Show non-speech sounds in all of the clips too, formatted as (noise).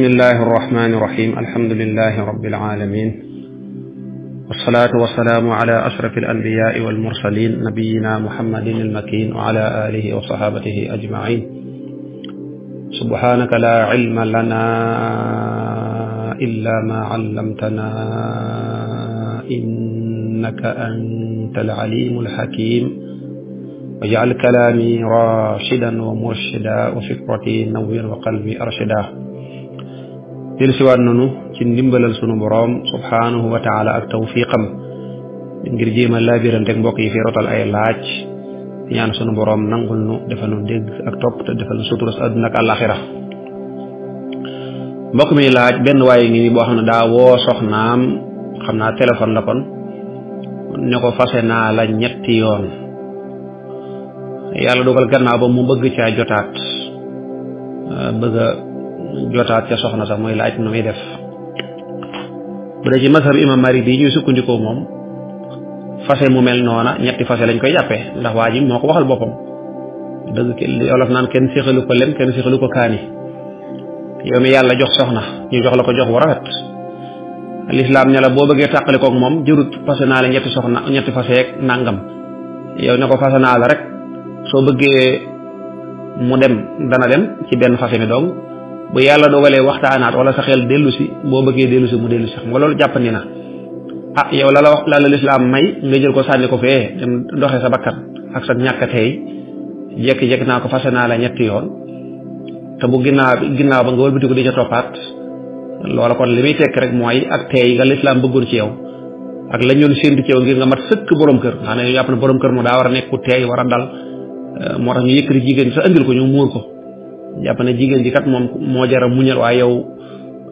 بسم الله الرحمن الرحيم الحمد لله رب العالمين والصلاة والسلام على أشرف الأنبياء والمرسلين نبينا محمد المكين وعلى آله وصحابته أجمعين سبحانك لا علم لنا إلا ما علمتنا إنك أنت العليم الحكيم واجعل كلامي راشدا ومرشدا وفكرتي نور وقلبي أرشدا dellusiwaat nanu ci ndimbalal sunu boroom subhaanahu wa taala ak tawfiqam ngir jéem a laabirante mbokk yi fi rotal ay laaj ñaan sunu boroom nangul nu defal dégg ak topp te defal nu sa àdduna ak àllaaxira mbokk mi laaj benn waaye ngi ni boo xam ne daa woo soxnaam xam naa téléphone la kon ne ko fase naa la ñetti yoon yàlla dogal gannaaw ba mu bëgg caa jotaat bëgga jotaat ca soxna sax mooy laaj nu muy def bu dee ci mazhab imam mari bi ñuy sukkandikoo moom fase mu mel noona ñetti fase lañ koy jàppee ndax waa ji moo ko waxal boppam dëgg yolof naan kenn séqalu ko lem kenn séqalu ko kaani yow mi yàlla jox soxna ñu jox la ko jox bu rafet lislaam ne boo bëggee tàqale kook moom jërut fase naa la ñetti soxna ñetti fase yeeg nàngam yow ne ko fase naa la rek soo bëggee mu dem dana dem ci benn fase mi donc bu yàlla dogale waxtaanaat wala sa xel dellu si boo bëggee dellu si mu dellu si xam nga loolu jàppandi na ah yow la la wax la la lislaam may nga jël ko sànni ko fee dem doxee sa bakkan ak sa ñàkk tey jekki-jekki naa ko fase naa la ñetti yoon te bu ginnaaw ginnaaw ba nga wëlbati ko di ca toppaat loola kon li muy tekk rek mooy ak tey nga lislaam bëggoon ci yow ak la ñoon séntu ci yow ngir nga mat sëkk borom kër maanaam yàpp na borom kër mu daa war a nekk ku teey war a dal eh, moo tax ñu yëkkati jigéen sa andil ko ñu muur ko jàpp ne jigen di kat moom mo jara muñal wa yow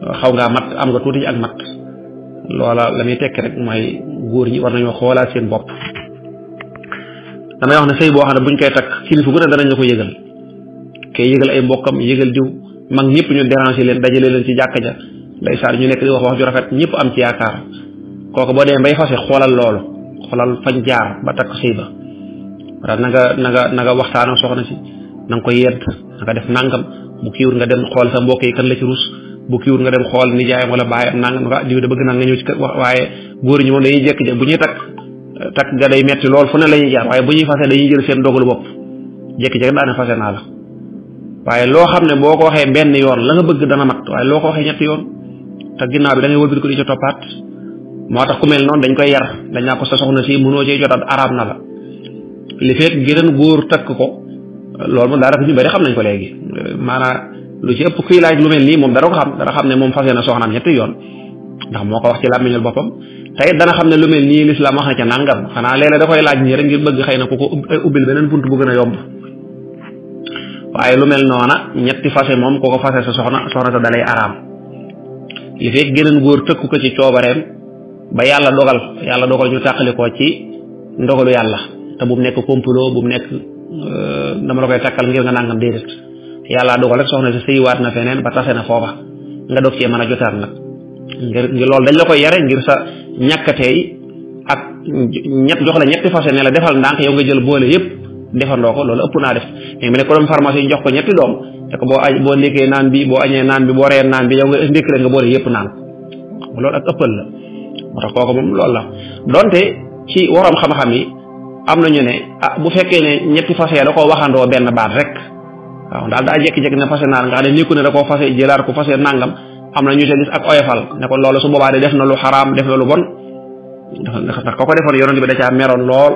eh, xaw nga mat am nga tuti ak mat lola lamay tek rek moy goor ñi war nañu xola seen bop dama wax ne sey bo xana buñ koy tak kilifa gu ne danañ ko yëgal kay yëgal ay mbokam yëgal diw mag ñepp ñu déranger leen dajale leen ci jakk ja day saar ñu nekk di wax wax ju rafet ñepp am ci yaakar koko bo dé mbay xosé xolal lool xolal fañ jaar ba tak sey ba ra nga nga nga waxtaan soxna si nang ko yedd nga def nangam bu kiwur nga dem xol sa mbokk kan la ci rus bu kiwur nga dem ni jaay wala baye nangam nga diw da bëgg nang nga ñëw ci kër waaye góor ñi jek bu ñi tak tak ga day metti lool fu ne lay jaar waaye bu ñi fasé dañuy jël seen bop nala, jek da na fasé na la waaye lo xamne ne waxe ko benn yoon la nga bëgg dana mat waaye loko waxe ñet yoon ta ginnaaw bi da ngay wëbir ko di ci topat motax ku mel non dañ koy yar dañ na ko sa soxna ci mëno ci jotat arab na la li feeg geneen goor tak ko loolu moom daanaka ñu bëri xam nañ ko léegi maanaam lu ci ëpp kuy laaj lu mel nii moom dara ko xam dara xam ne moom fase na soxnaam ñetti yoon ndax ko wax ci làmmiñul boppam tey dana xam ne lu mel nii lislaam wax na ca nàngam xanaa léeg-léeg da laaj nii rek ngir bëgg xëy ko eh, ubbil beneen bunt bu gën a yomb lu mel noona ñetti fase moom ku ko fase sa soxna soxna sa dalay araam li fekk geneen góor tëkku ko ci coobareem ba yàlla dogal yàlla dogal ñu tàqalikoo ci ndogalu yàlla te bu mu nekk complot bu mu nekk Euh, dama la koy takkal ngir nga nangam déedéet yàlla dogal rek soxna si sëyiwaat na feneen ba tase na foofa nga dog cee mën a jotaat nag ngir ngir loolu dañ la koy yare ngir sa ñàkkatey ak ñett jox la ñetti fase ne la defal ndànk yow nga jël boole yëpp defandoo ko loolu ëpp naa def mais mu ne ko doon pharmacie jox ko ñetti doom te boo boo naan bi boo añee naan bi boo reer naan bi yow nga ndékk rek nga boole yëpp naan loolu ak ëppal la moo tax kooku moom loolu la donte ci waroom xam-xam yi am ñu ne ah bu fekkee ne ñetti fase ya da koo waxandoo benn baat rek waaw daal daa jekki-jekki ne fase ya naar nga xam ne nekku ne da koo fase ya jëlaat ko fase nangam am na ñu ca gis ak oyofal ne ko loolu su boobaa de def na lu xaraam def na lu bon ndax ko ko defoon yonent bi da caa meroon lool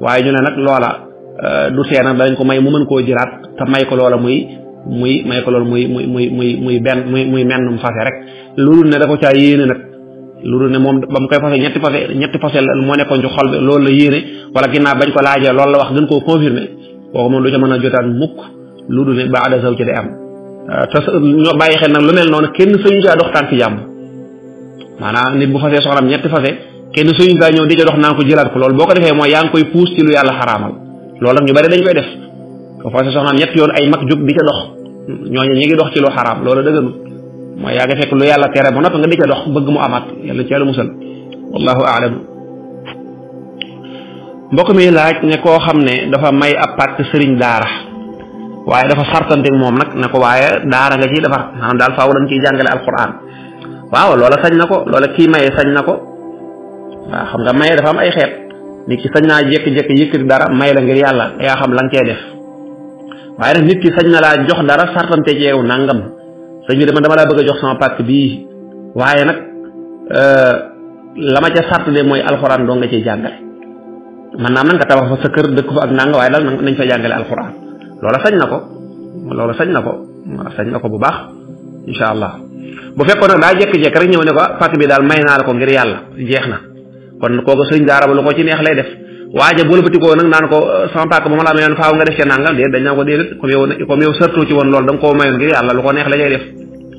waaye ñu ne nag loola euh, du tee dañ ko may mu mën koo jëlaat te may ko loola muy muy may ko loolu muy muy muy muy muy benn muy muy mennum fase rek loolu ne da ko caa yéene nag lu dul ne moom ba mu koy fase ñetti fase ñetti fase la moo nekkoon ci xol loolu la yéene wala ginnaaw bañ ko laajee lool la wax gën koo confirmer kooku moom du ca mën a jotaat mukk lu dul ne ba ada saw ci day am euh, te ñoo bàyyi xel nag lu mel noonu kenn sëñu kaa dox tànk jàmm maanaam nit bu fasee soxnaam ñetti fase kenn sëñu kaa ñëw di ca dox jëlaat ko loolu boo ko defee mooy yaa ngi koy puus ci lu yàlla xaraamal loolu nag ñu bari dañ koy def bu fasee soxnaam ñetti yoon ay mag jóg di ca dox ñooñu ñi ngi dox ci lu xaraam loolu dëgganu mooy yaa nga fekk lu yàlla tere ba noppi nga di ca dox bëgg mu amaat yàlla ci yàlla musal wallahu aalam mbokk mi laaj ne koo xam ne dafa may ab pàkk sëriñ daara waaye dafa sartante moom nag ne ko waaye daara nga ciy defar faaw dañ ciy jàngale alquran waaw loola sañ na ko loola kii maye sañ na ko xam nga maye dafa am ay xeet nit ki sañ naa jékki-jékki yëkkati dara may la ngir yàlla yaa xam la nga def waaye nag nit ki sañ na laa jox dara sartante ci yow nangam sëñ bi dama dama laa bëgg a jox sama pàkk bii waaye nag euh, la ma ca sàrt de mooy alxuraan doo nga ciy jàngale man naa nag nga tabax fa sa kër dëkk fa ak nanga waaye daal nañ fa jàngale alxuraan loola sañ na ko loola sañ na ko sañ na ko bu baax incha allah bu fekkoon nag daa jékki-jékki rek ñëw ne ko pàkk ah, bi daal may naa la ko ngir yàlla jeex na kon koo sëñ daara ba ko ci neex lay def waaja bu la ko nak nan ko eh, sama pak mo la mayon faaw nga def ci nangal de dañ ko deedet ko yow ko yow sertu ci won lol dang ko mayon ngir yalla lu ko neex la cay def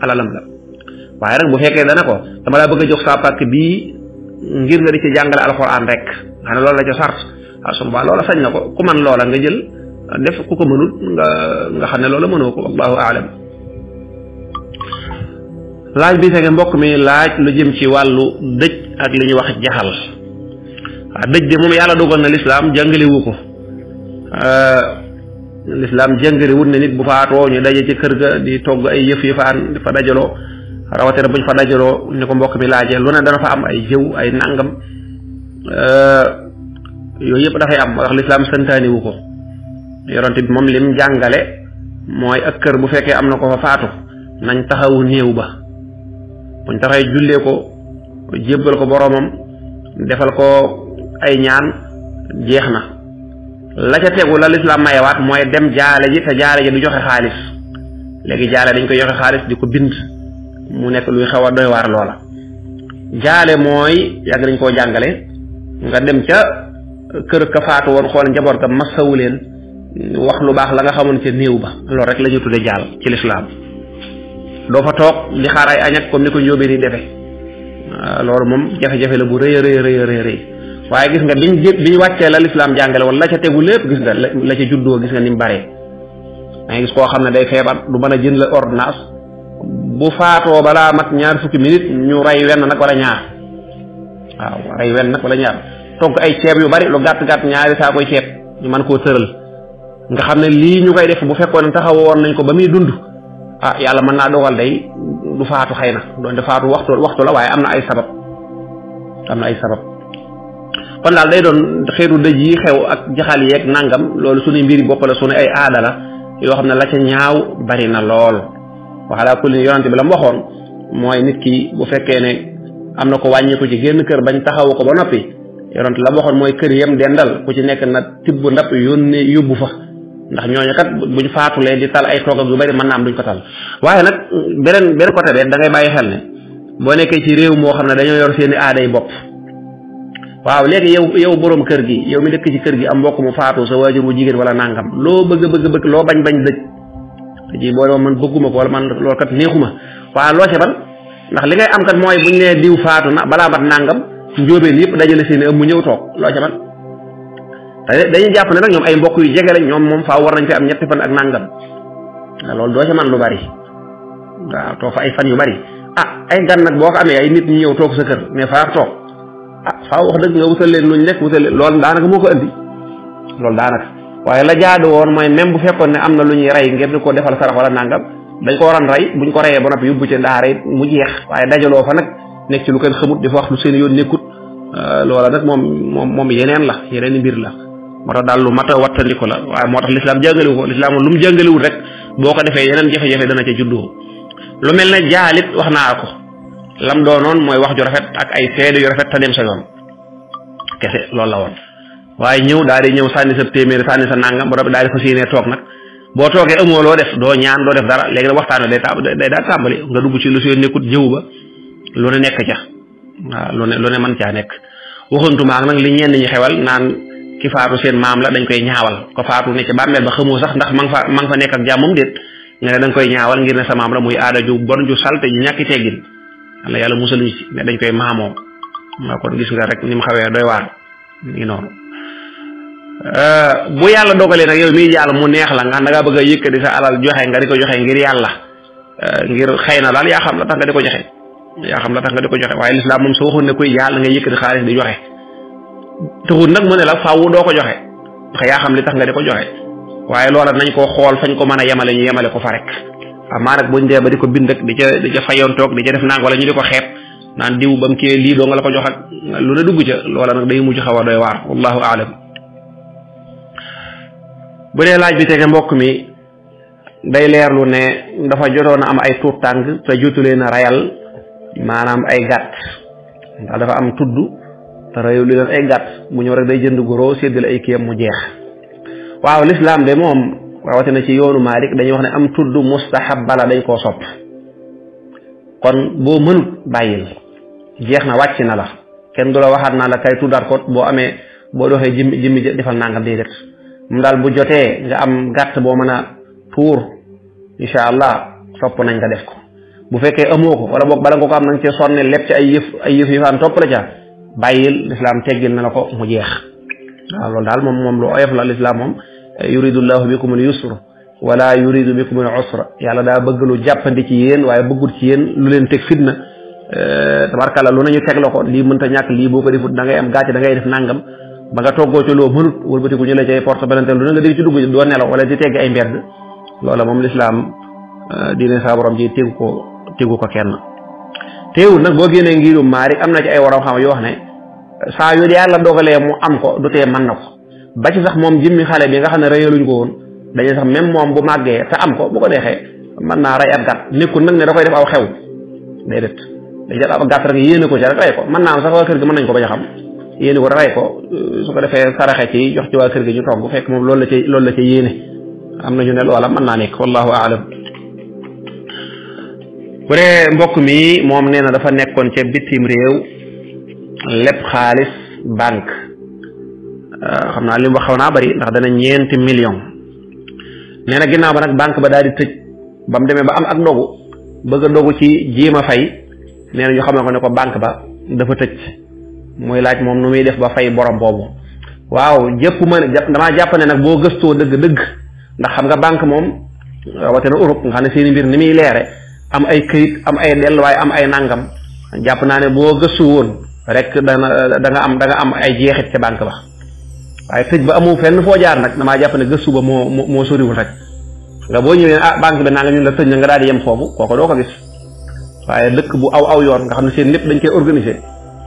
lam la waye rek bu fekke dana ko dama la bëgg jox saa pak bi ngir nga di ci jangal alquran rek ana lol la ci sart ah ba lol loola sañ nako ku man loola nga jël def ku ko mënul nga nga xamne lol la mëno ko allahu aalam laaj bi fekk mbokk mi laaj lu jëm ci walu dejj ak liñu wax jaxal waaw dëj de moom yàlla dogal na lislaam jàngalewu ko euh, lislaam jàngalewut ne nit bu faatoo ñu daje ci kër ga di togg ay yëf yëfaan di fa dajaloo rawatina buñ fa dajaloo ni ko mbokk mi laajee lu ne dana fa am ay jëw ay nàngam euh, yooyu yëpp dafay am moo tax lislaam santaaniwu ko yonent moom lim jàngale mooy ak kër bu fekkee am na ko fa faatu nañ taxawu néew ba buñ taxay jullee ko jébbal ko boroomam defal ko ay ñaan jeex na la ca tegu la lislaam mayewaat mooy dem jaale ji te jaale ji du joxe xaalis léegi jaale dañ koy yoxe xaalis di ko bind mu nekk luy xaw a doy waar loola jaale mooy yàgg koo jàngale nga dem ca kër ka faatu woon xool njaboot ga masawu leen wax lu baax la nga xamoon ca néew ba loolu rek la ñuy tudde jaal ci lislaam doo fa toog di xaar ay añat comme ni ko njóobee ni defe loolu moom jafe-jafe la bu rëy a rëy rëy waaye gis nga biñ biñ wàccee la lislaam jàngale wala la ca tegu lépp gis nga la ca juddoo gis nga ni mu bare da gis koo xam ne day feebar du mën a jënd la ordonnance bu faatoo balaa mat ñaar fukki minute ñu rey wenn nag wala ñaar waaw rey wenn nag wala ñaar togg ay ceeb yu bari lu gàtt gàtt ñaari saa koy ceeb ñu mën koo tëral nga xam ne lii ñu koy def bu fekkoon taxawoon nañ ko ba muy dund ah yàlla mën naa dogal day du faatu xëy na doon de faatu waxtu waxtu la waaye am na ay sabab am na ay sabab kon dal day doon xeetu dëj yi xew ak jaxal yi ak nangam loolu suñu mbiri bopp la suñu ay aada la yoo xam ne la ca ñaaw bari na lool ala kulli yonante bi lam mu waxoon mooy nit ki bu fekkee ne am na ko wàññeeku ci génn kër bañ taxawu ko ba noppi yonante lam mu waxoon mooy kër yam dendal ku ci nekk na tibb ndab yónne yóbbu fa ndax ñooñu kat buñ faatulee di tal ay toog ak yu bari mën naa am duñ ko tal waaye nag beneen beneen côté be da ngay bàyyi xel ne boo nekkee ci réew moo xam ne dañoo yor seeni aaday yi bopp waaw léegi yow yow borom kër gi yow mi dëkk ci kër gi am mbokk mu faatu sa waajur wu jigéen wala nangam loo bëgg bëgg bëgg loo bañ bañ dëj ji boo man bëgguma ko wala man loolu kat neexuma waaw loo ci ban ndax li ngay am kat mooy buñ nee diw faatu na balaa bat nangam njóobeen yëpp dajale seen am mu ñëw toog loo ca ban te dañuy jàpp ne nag ñoom ay mbokk yu jege lañ ñoom moom faaw war nañ fi am ñetti fan ak nangam loolu doo ci man lu bari waaw toog fa ay fan yu bari ah ay gan nag boo ko amee ay nit ñu ñëw toog sa kër ne faa toog ah faaw wax dëgg nga wutal leen luñ lekk wutal leen daanaka moo ko andi loolu daanaka waaye la jaadu woon mooy même bu fekkoon ne am na lu ñuy rey ngir di ko defal sarax wala nàngam dañ ko waroon rey buñ ko reyee ba noppi yóbbu ci daara it mu jeex waaye dajaloo fa nag nekk lu kenn di fa wax lu seen yoon nekkut ah, loola nag moom moom moom yeneen la yeneen mbir la moo tax daal lu mat a wattandiku la waaye moo tax lislaam jàngalewu ko lislaam lu mu jàngalewul rek boo ko defee yeneen jafe-jafe dana ca juddoo lu mel ne jaalit wax naa ko lam do non moy wax ju rafet ak ay seede yu rafet tanem sa yoon kese lool la won waye ñew daal di ñew sanni sa téeméer sanni sa nangam ba daal di fas yéene toog nag boo toogee amoo loo def do ñaan do def dara légui nag waxtaan day tàmb day da tambali nga dugg ci lu seen nekkut jëw ba lu ne nekk ja waaw lu ne lu ne man caa nekk waxantuma ak nak li ñen ñi xewal naan ki faatu seen maam la dañ koy ñaawal ko faatu ne ci bammel ba xamoo sax ndax mang fa mang fa nekk ak jàmmam déet nga dañ koy ñaawal ngir ne sa maam la muy aada ju bon ju salté ju ñàkki teggin yàlla yàlla musal ñu ci ne dañ koy maamoo ma kon gis nga rek ni mu xawee doy waar ngi euh, yàlla dogalee nag yow mii mu neex la nga da ngaa bëgg a yëkkati sa alal joxe nga di ko joxe ngir yàlla euh, ngir xëy na daal yaa xam la tax ko joxe yaa xam la tax nga di joxe waaye lislaam moom soo waxoon ne kuy yàlla nga yëkkati xaalis di joxe taxul nag mu la faaw doo ko joxe yaa xam li tax nga di ko joxe waaye loola nañ ko xool fañ ko mën a yemale ñu yemale ko fa rek amma nak buñ dee ba di ko bind ak di ca di ca fayoon toog di ca def naag wala ñu di ko xeeb naan diw bam kee lii doo nga la ko jox ak lu ne dugg ca loola nag day mujj xaw a doy waar wallahu aalam bu dee laaj bi tege mbokk mi day lu ne dafa jotoon am ay tuut tàng te jotuleen a rayal maanaam ay gàtt ndax dafa am tudd te rayu li leen ay gàtt mu ñëw rek day jënd goro séddale ay kiyam mu jeex waaw l'islam de moom rawatina ci yoonu Malik dañuy wax ne am tudd mustahab bala dañ koo sopp kon boo mënut bàyyil jeex na wàcc na la kenn du la waxaat naa la kay tuddaat ko boo amee boo doxee jimmi jimmi defal naa nga déedéet mu daal bu jotee nga am gàtt boo mën a tuur incha allah sopp nañ nga def ko bu fekkee amoo ko wala boog bala nga ko am nañ cee sonne lépp ay yëf ay yëf yëfaan topp la ca bàyyil lislaam teggil na la ko mu jeex waaw loolu daal moom moom lu oyof la lislaam moom yuridu llahu bikum al yusra wala yuridu bikum al usra yàlla daa bëgg lu jàppandi ci yéen waaye bëggul ci yéen lu leen teg fitna euh, tabarkàlla lu ñu teg la ko lii mënta ñàkk lii boo ko defut da ngay am gàcce da ngay def nangam ba nga toggoo ci loo mënut wëlbatiku ñu la cay porte benante lu ne nga dégg ci dugg doo nelaw wala di tegg ay mbedd loola moom lislaam euh, diine saa borom ji tegu ko tegu ko kenn teewul nag boo génnee ngirum maari am na ci ay waram yoo wax ne saa yu yàlla dogalee mu am ko du tee mën na ko ba ci moom jëmmi xale bi nga xam ne reyaluñ ko woon dañuy sax même moom bu màggee te am ko bu ko neexee man naa rey ab gàtt nekkul nag ne da koy def aw xew déedéet dañuy def ab gàtt rek yéene ko ci rek rey ko mën naa am sax gi mën nañ ko bañ a xam yéene ko rey ko euh, su ko defee saraxe ci jox ci waa kër gi ñu togg fekk moom loolu la ci loolu la ci yéene am na nañu ne loola mën naa nekk wallahu aalam bu dee mbokk mi moom nee na dafa nekkoon ca bitim réew lépp xaalis banque Euh, xam naa li mu wax xaw naa bari ndax dana ñeenti million nee na ginnaaw ba nag banque ba daal di tëj ba mu demee ba am ak dogu bëgg a dogu ci jéem a fay nee na ñu xamal ko ne ko banque ba dafa tëj muy laaj moom nu muy def ba fay borom boobu waaw jëpp ma ne jàpp damaa nag boo gëstoo dëgg-dëgg ndax nga banque moom rawatina Europe nga xam ne seeni mbir ni muy leere am ay am ay delluwaay am ay nangam jàpp naa ne boo gëstu woon rek dana da am da am ay jeexit ca banque ba waaye tëj ba amoo fenn foo jaar nag damaa jàpp ne gëstu ba moo moo soriwul rek nga boo ñëwee ah banque bi naa nga ñu la tëj nga daal di yem foofu kooko doo ko gis waaye dëkk bu aw aw yoon nga xam ne seen lépp dañ koy organiser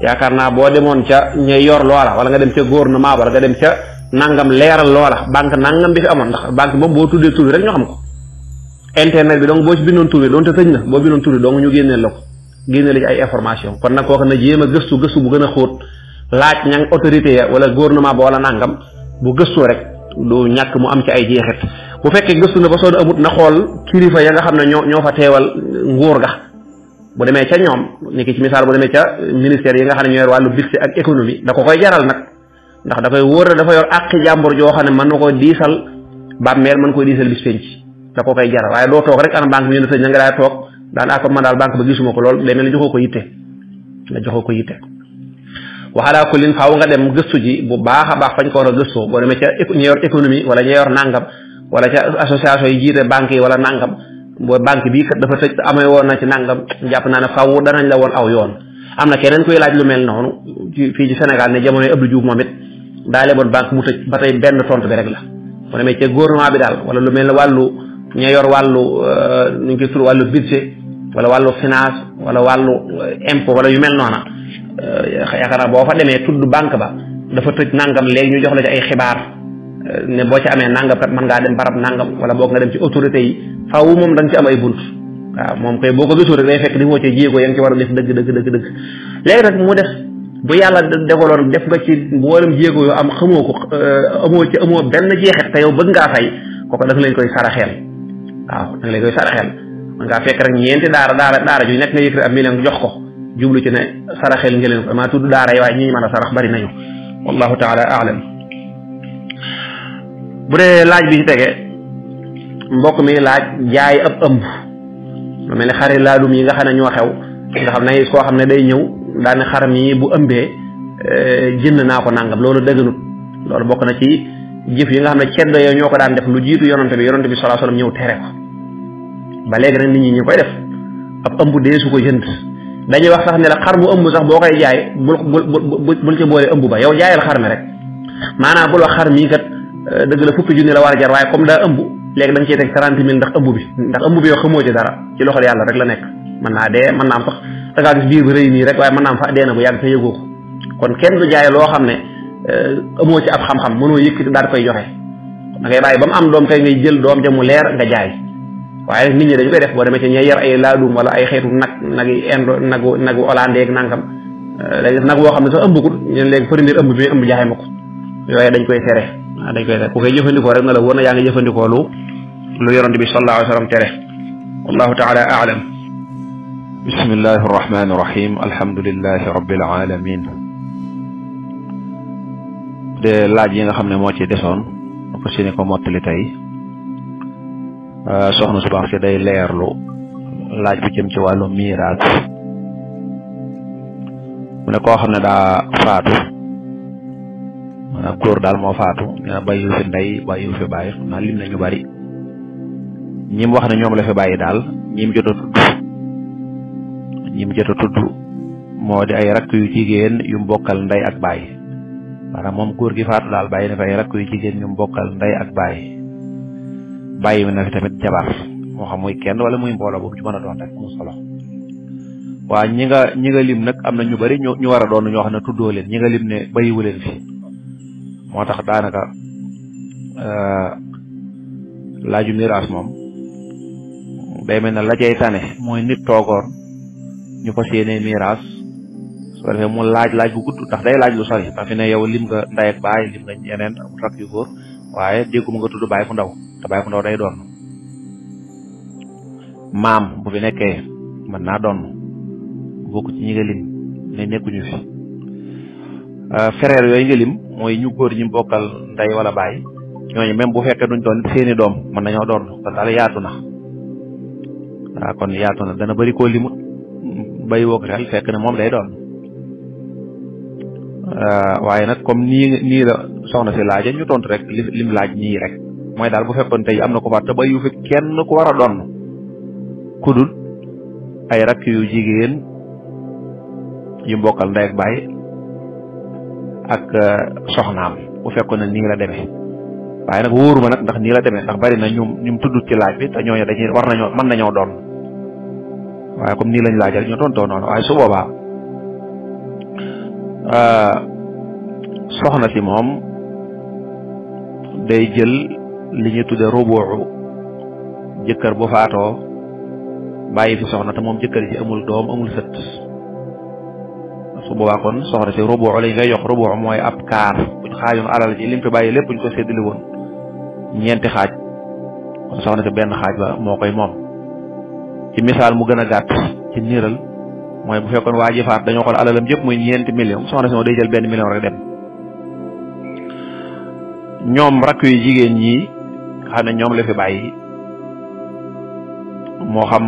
yaakaar naa boo demoon ca ñay yor loola wala nga dem ca gouvernement wala nga dem ca nangam leeral loola banque nangam bi fi amoon ndax banque moom boo tuddee tur rek ñu xam ko internet bi donc boo ci bindoon tur bi doonte tëj na boo bindoon tur bi donc ñu génneel la ko génneel ci ay information kon nag kooku na jéem a gëstu gëstu bu gën a xóot laaj ñang autorité ya wala gouvernement ba wala nangam bu gëstu rek du ñak mu am ci ay jeexit bu fekkee gëstu na ba soon amut na xool kilifa ya nga xam ne ñoo ñoo fa teewal nguur ga bu demee ca ñoom niki ci misaal bu demee ca ministère yi nga xam ne ñoo yor wàllu ak économie da ko koy jaral nag ndax da koy wóor ne dafa yor àqi jàmbur joo xam ne mën na ko diisal bàmmeel mën koy diisal bis penc da ko koy jaral waaye doo toog rek ana banque bi ñu ne tëj na nga daay toog daan ah man daal banque ba gisuma ko lool day mel ni joxoo ko yitte la joxoo ko yitte waxalaa kulin faaw nga dem gëstu ji bu baax a baax fañ ko war a gëstoo boo demee ca ñu yor économie wala ñu yor nàngam wala ca association yi jiite banque yi wala nàngam boo banque bii kat dafa tëj amee woon na ci nàngam jàpp naa ne faaw danañ la woon aw yoon am na keneen kuy laaj lu mel noonu ci fii ci Sénégal ne jamonoy Abdou Diouf moom it daa leboon banque mu tëj ba tey benn tontu bi rek la bi daal wala lu mel ne wàllu ña yor wàllu euh, nu ñu wàllu budget wala wàllu finance wala wàllu eh, impôt wala yu mel noona eh, yaakaar naa boo fa demee tudd banque ba dafa tëj nangam léegi ñu jox la ci ay xibaar eh, ne boo ci amee nangam kat mën ngaa dem barab nangam wala boog nga dem ci autorités yi faaw moom da nga ci am ay bunt waaw moom koy boo ko gisul rek day fekk di woo ci jéego ya nga ci war a def dëgg dëgg dëgg dëgg léegi nag mu def bu yàlla degaloon def nga ci mboolem jéego yoo am xamoo ko amoo ci amoo benn jeexit te yow bëgg ngaa fay kooku da nga koy saraxeel waaw da nga man ngaa fekk rek ñeenti daara daara daara ju nekk nga yëkkati jox ko jublu ci ne saraxel ngeen ko maa tudd daara yi waaye ñi mën a sarax bari nañu wallahu taala aalam bu dee laaj bi ci tege mbokk mi laaj jaay ab ëmb lu mel ne xari laadum yi nga xam ne ñoo xew nga xam ne koo xam ne day ñëw daane xar yi bu ëmbee eh, jënd naa ko nangam loolu dëgganut loolu bokk na ci jëf yi nga xam ne ceddo yoo ñoo ko daan def lu jiitu yonante bi yonante bi salaa ñëw teere ko ba léegi nag nit ñi ñu koy def ab ëmb dee su ko jënd dañuy wax sax ne la xar mu ëmb sax boo koy jaay bul bul bul ca boole ëmb ba yow jaayal xar mi rek maanaam bul xar mii kat euh, dëgg la fukki junni la war a waaye comme daa ëmb léegi da nga cey teg trente mille ndax ëmb bi ndax ëmb bi yow xamoo dara ci loxol rek la nekk mën naa dee mën naa am sax da ngaa gis biir bi rëy nii rek waaye mën naa am fa dee na bu yàgg te yëgoo ko kon kenn du jaay loo xam ne euh, amoo ci ab xam-xam mënoo yëkkati daal koy joxe da ngay bàyyi ba mu am doom kay ngay jël doom ja mu leer nga jaay waaye nit ñi dañ koy def boo demee ci ñay yar ay laadum wala ay xeetu nag nag yi indo nagu nagu hollandais ak nangam euh, nag boo xam ne sax ëmbagul ñun léegi premier ëmb bi ëmb jaay ma ko yooyu dañ koy tere waaw ah, dañ koy tere ku koy jëfandikoo rek na la wóor na yaa ngi jëfandikoo lu lu yonent bi sallallahu alayhi wa sallam tere wallahu taala aalam bismillahi arrahmani irrahim alhamdulilahi rabbil alamin de laaj yi nga xam ne moo ci desoon fas yéene ko mottali tey Euh, soxna su baax si day leerlu laaj bu jëm ci wàllu miraas mu ne koo xam ne daa faatu maanaam góor daal moo faatu nee na bàyyiwu fi ndey bàyyiwu fi bàyyi xam naa lim nañu bari ñim wax ne ñoom la fi bàyyi daal ñim jot a moo di ay rakk yu jigéen yu mbokkal ndey ak bàyyi maanaam moom góor gi faatu daal bàyyi na fi ay rakk yu jigéen yu mbokkal ndey ak bàyyi bàyyi na fi tamit jabar moo xam muy kenn wala muy mbooloo boobu ci doon rek mu solo waa ñi nga ñi nag am na ñu bari ñu ñu war a doon ñu xam ne tuddoo leen ñi nga lim ne bàyyiwu leen fi moo tax daanaka euh, laaju miraas moom day mel ne la cay mooy nit toogoon ñu fas yéenee miraas su ko defee mu laaj laaj bu gudd ndax day laaj lu sori ndax fi ne yow lim nga ndey ak baay lim nga yeneen rak yu góor waaye dégguma nga tudd bàyyi ko ndaw te bàyyi ko ndaw day doon maam bu fi nekkee mën naa doon bokk ci ñi nga lim nekkuñu fi euh, frère yooyu nga lim mooy ñu góor ñi bokkal ndey wala bàyyi ñooñu même bu fekkee duñ doon seeni doom mën nañoo doon kon daal yaatu na waaw kon yaatu na dana bëri koo limut bay woo ko xel fekk ne moom lay doon Euh, waaye nag comme nii nii la soxna si laaje ñu tontu rek lim laaj nii rek mooy daal bu fekkoon tey am na ko faat te yu fi kenn ku war a doon kudul ay rakk yu jigéen yu mbokkal ndey ak baay ak euh, soxnaam bu fekkoon ne nii la demee waaye nag wóoru ma nag ndax nii la demee ndax bari na ñu ñu tudd ci laaj bi ta ñooñu dañuy war nañoo mën nañoo doon waaye comme nii lañ laajal ñu tontoo noonu waaye su boobaa Euh, soxna si moom day jël li ñu tudde rubuuxu jëkkër bu faatoo bàyyi fi soxna te moom jëkkër ji amul doom amul sët su boobaa kon soxna si rubuuxu lañ koy jox rubuuxu mooy ab kaar buñ xaajoon alal ji lim fi bàyyi lépp buñ ko séddale woon ñeenti xaaj soxna si benn xaaj ba moo koy moom ci misaal mu gën a gàtt ci niiral mooy bu fekkoon waa ji faat dañoo xool alalam yëpp muy ñeenti million soxna si moom day jël benn million rek dem rakk yu jigéen ñi xam ne ñoom la fi bàyyi moo xam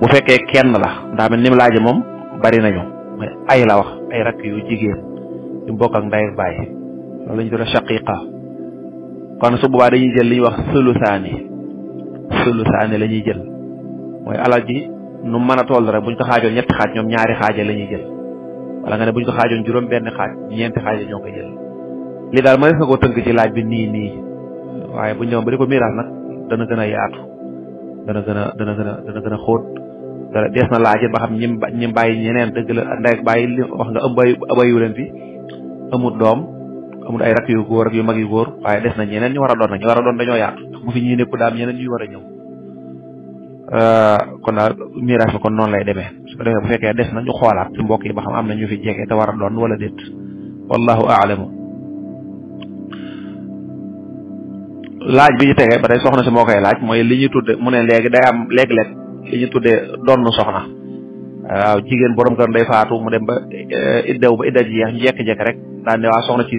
bu fekkee kenn la ndax man ni mu moom bari nañu ay la wax ay rakk yu jigéen yu mbokk baay loolu ñu tuddee shaqiqa kon su boobaa dañuy jël li wax sulusaani sulusaani la ñuy jël mooy alal nu mën a toll rek buñ ko xaajoon ñetti xaaj ñoom ñaari xaaje la ñuy jël wala nga ne buñ ko xaajoon juróom benn xaaj ñeenti xaaje ñoo ko jël li daal mënees nga ko tënk ci laaj bi nii nii waaye buñ demoon ba di ko miiraas nag dana gën a yaatu dana gën a dana gën a dana gën a xóot dara dees na laaj ba xam ñim ñim bàyyi ñeneen dëgg la ndey bàyyi li wax nga ëmb abayu leen fi amut doom amul ay rak yu góor ak yu mag yu góor waaye des na ñeneen ñu war a doon nag ñu war a doon dañoo yaatu bu fi ñii nepp daam ñeneen ñu war a ñëw Eh, kon la mirage kon non lay demee su ko defee bu féké dess na ñu xolaat ci mbokk yi ba xam amna ñu fi jéké te wara doon wala dét wallahu aalamu laaj bi ñu tege ba tey soxna ci moo koy laaj moy li ñu tudde mu né légui day am lég lég li ñu tuddee donn soxna waaw jigen borom kan day faatu mu dem ba eh, iddew ba idda ji jek jek rek daan ne wa soxna ci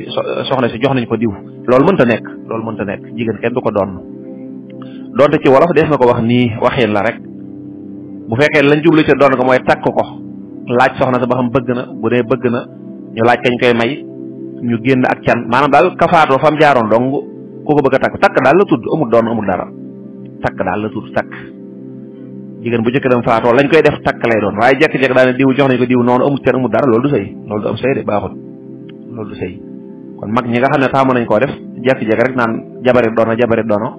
soxna ci jox nañ ko diw mën ta nek nekk mën ta nek jigen kenn du ko donn donte ci wolof dees na ko wax nii waxin la rek bu fekkee lañ jublu ca doon ko mooy takk ko laaj soxna sa ba xam bëgg na bu dee bëgg na ñu laaj kañ koy may ñu génn ak can maanaam daal kafaatoo fam jaaroon dong ku ko bëgg a takk takk daal la tudd amul doon amul dara takk daal la tudd takk jigéen bu jëkkëram faatoo lañ koy def takk lay doon waaye jekk-jekk daal ne diw jox nañ ko diw noonu amul can amul dara loolu du sëy loolu du am sëy de baaxul loolu du sëy kon mag ñi nga xam ne taamu nañ koo def jekk-jekk rek naan jabari doono jabari doono